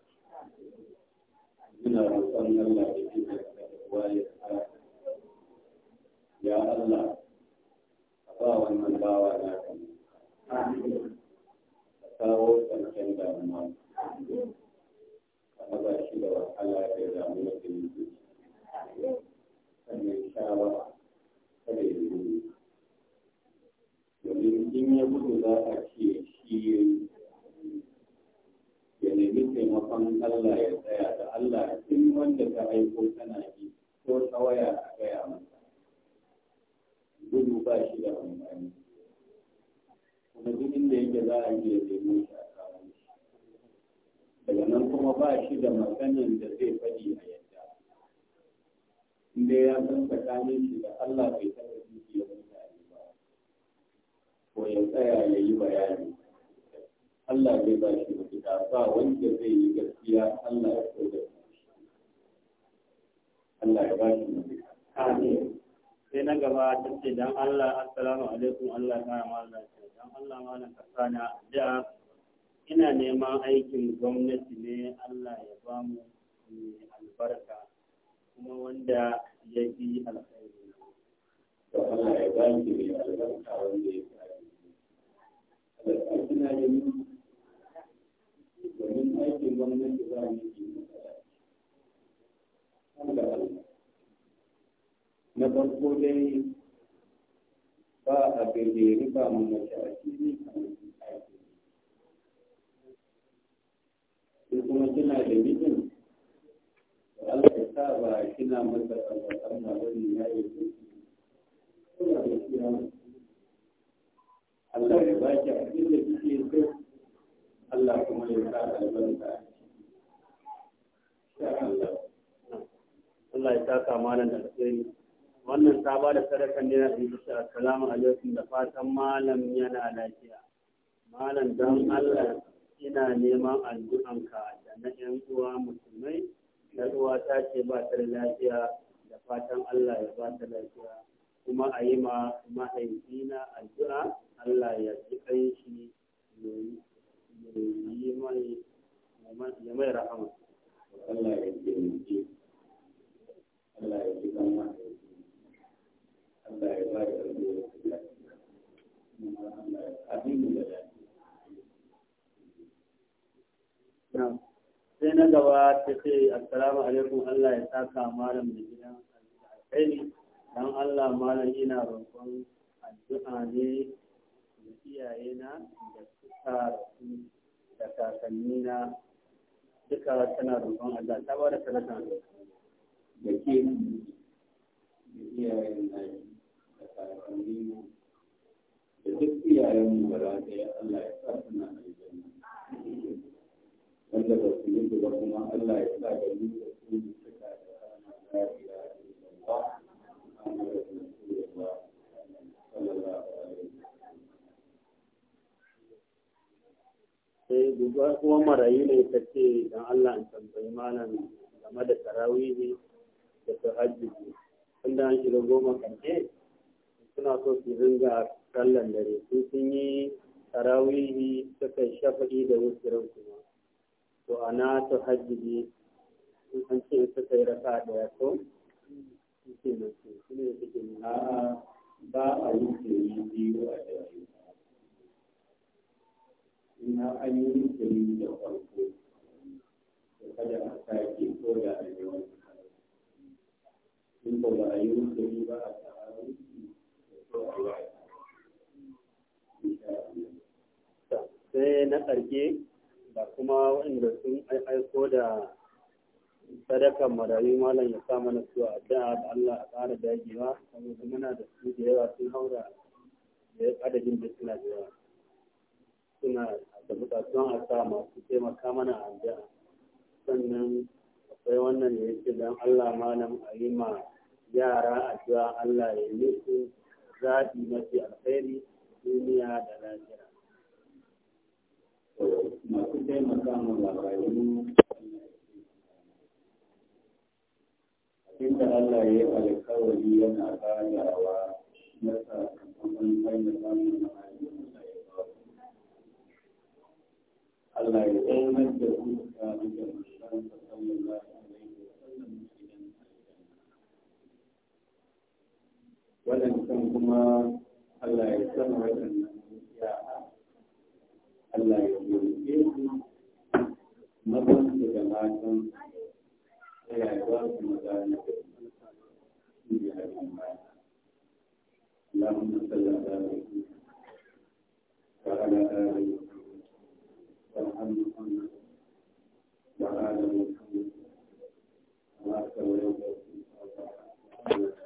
Ina roƙon Allah ya zahir ayatun. Ya Allah, a ba wannan bawa na kanu. A kawo ƙarshen damuwa. A maza shi da wahala da damu da ke yi. Sannan kada ya yi ne. Domin in ya gudu za a ce shi ya yi ya nemi taimakon Allah ya tsaya da Allah in wanda ta aiko tana ba shi da amfani kuma duk inda yake za a iya nemo shi a samu daga nan kuma ba shi da maganin da zai faɗi a yadda inda ya san tsakanin shi da Allah bai taɓa dukiyar mutane ba ko ya tsaya ya yi bayani Allah zai ba shi mafita ba wanda zai yi gaskiya Allah ya so Allah ya ba shi mafita. Amin. sai na gaba ta ce dan Allah assalamu alaikum Allah ta rama lafiya dan Allah malam kasana da ina neman aikin gwamnati ne Allah ya ba mu albarka kuma wanda ya fi alkhairi to Allah ya ba mu albarka wanda ya fi alkhairi ina yin domin aikin gwamnati za mu yi Allah na farko dai ba a gajeru ba mu mace a aiki. sai kuma kina da mijin Allah ya ba kina masa albarkar na wani ya yi kuma da Allah ya ba ki abin da kike so Allah kuma ya sa albarka Allah ya saka malam da wannan ta ba da sadakan ne na ɗauki assalamu alaikum da fatan malam yana lafiya malam don allah ina neman addu'anka da na yan uwa musulmai na uwa ta ce ba ta da lafiya da fatan allah ya ba ta lafiya kuma a yi ma na addu'a allah ya ji kai yi mai rahama Allah ya ji Allah ya ji sai na gaba ta ce assalamu alaikum Allah ya saka malam da gidan alkhairi don Allah malam ina roƙon addu'a ne da na da suka da kakannina duka tana roƙon Allah ta ba da sadaka da ke da iyayen kakanninmu Allah ya ba kuma Allah ya sa da da na da ba sai duba kuma marayu ne ta ce don Allah in tambayi malam game da tarawihi da hajji. tunda an shiga goma karshe suna so su ringa sallan dare sun sun yi tarawihi suka yi shafa'i da wutsirin kuma to a ana ta ne sun an ce suka yi raka daya ko suke mace su ne suke a'a ba a yi ke yi biyu a jari ina an yi ke yi da farko da kada a ke ko da a yi wani in ba a yi wuce yi ba a sai na ƙarke da kuma waɗanda sun aiko da sadakan marayu malam ya sa mana su a da Allah a ƙara dagewa saboda muna da su da yawa sun haura da eh, adadin da suna da yawa suna da buƙatuwan a sa masu taimaka mana a da sannan akwai wannan da yake don Allah malam a yi ma yara addu'a Allah ya yi zaɓi mafi alkhairi duniya da lafiya. Masu taimaka mu labarai inda Allah ya yi alkawari yana bayarwa na sakamakon taimaka mu labarai Allah ya tsaye da kuka da musamman ya alaihi wa sallam wannan kuma Allah ya san waɗannan yara Allah ya yanke su mazan su da matan ya yi ba su maza na gari ya yi ba اللهم صل على محمد وعلى آله وارحم محمد وعلى محمد وعلى آله وصحبه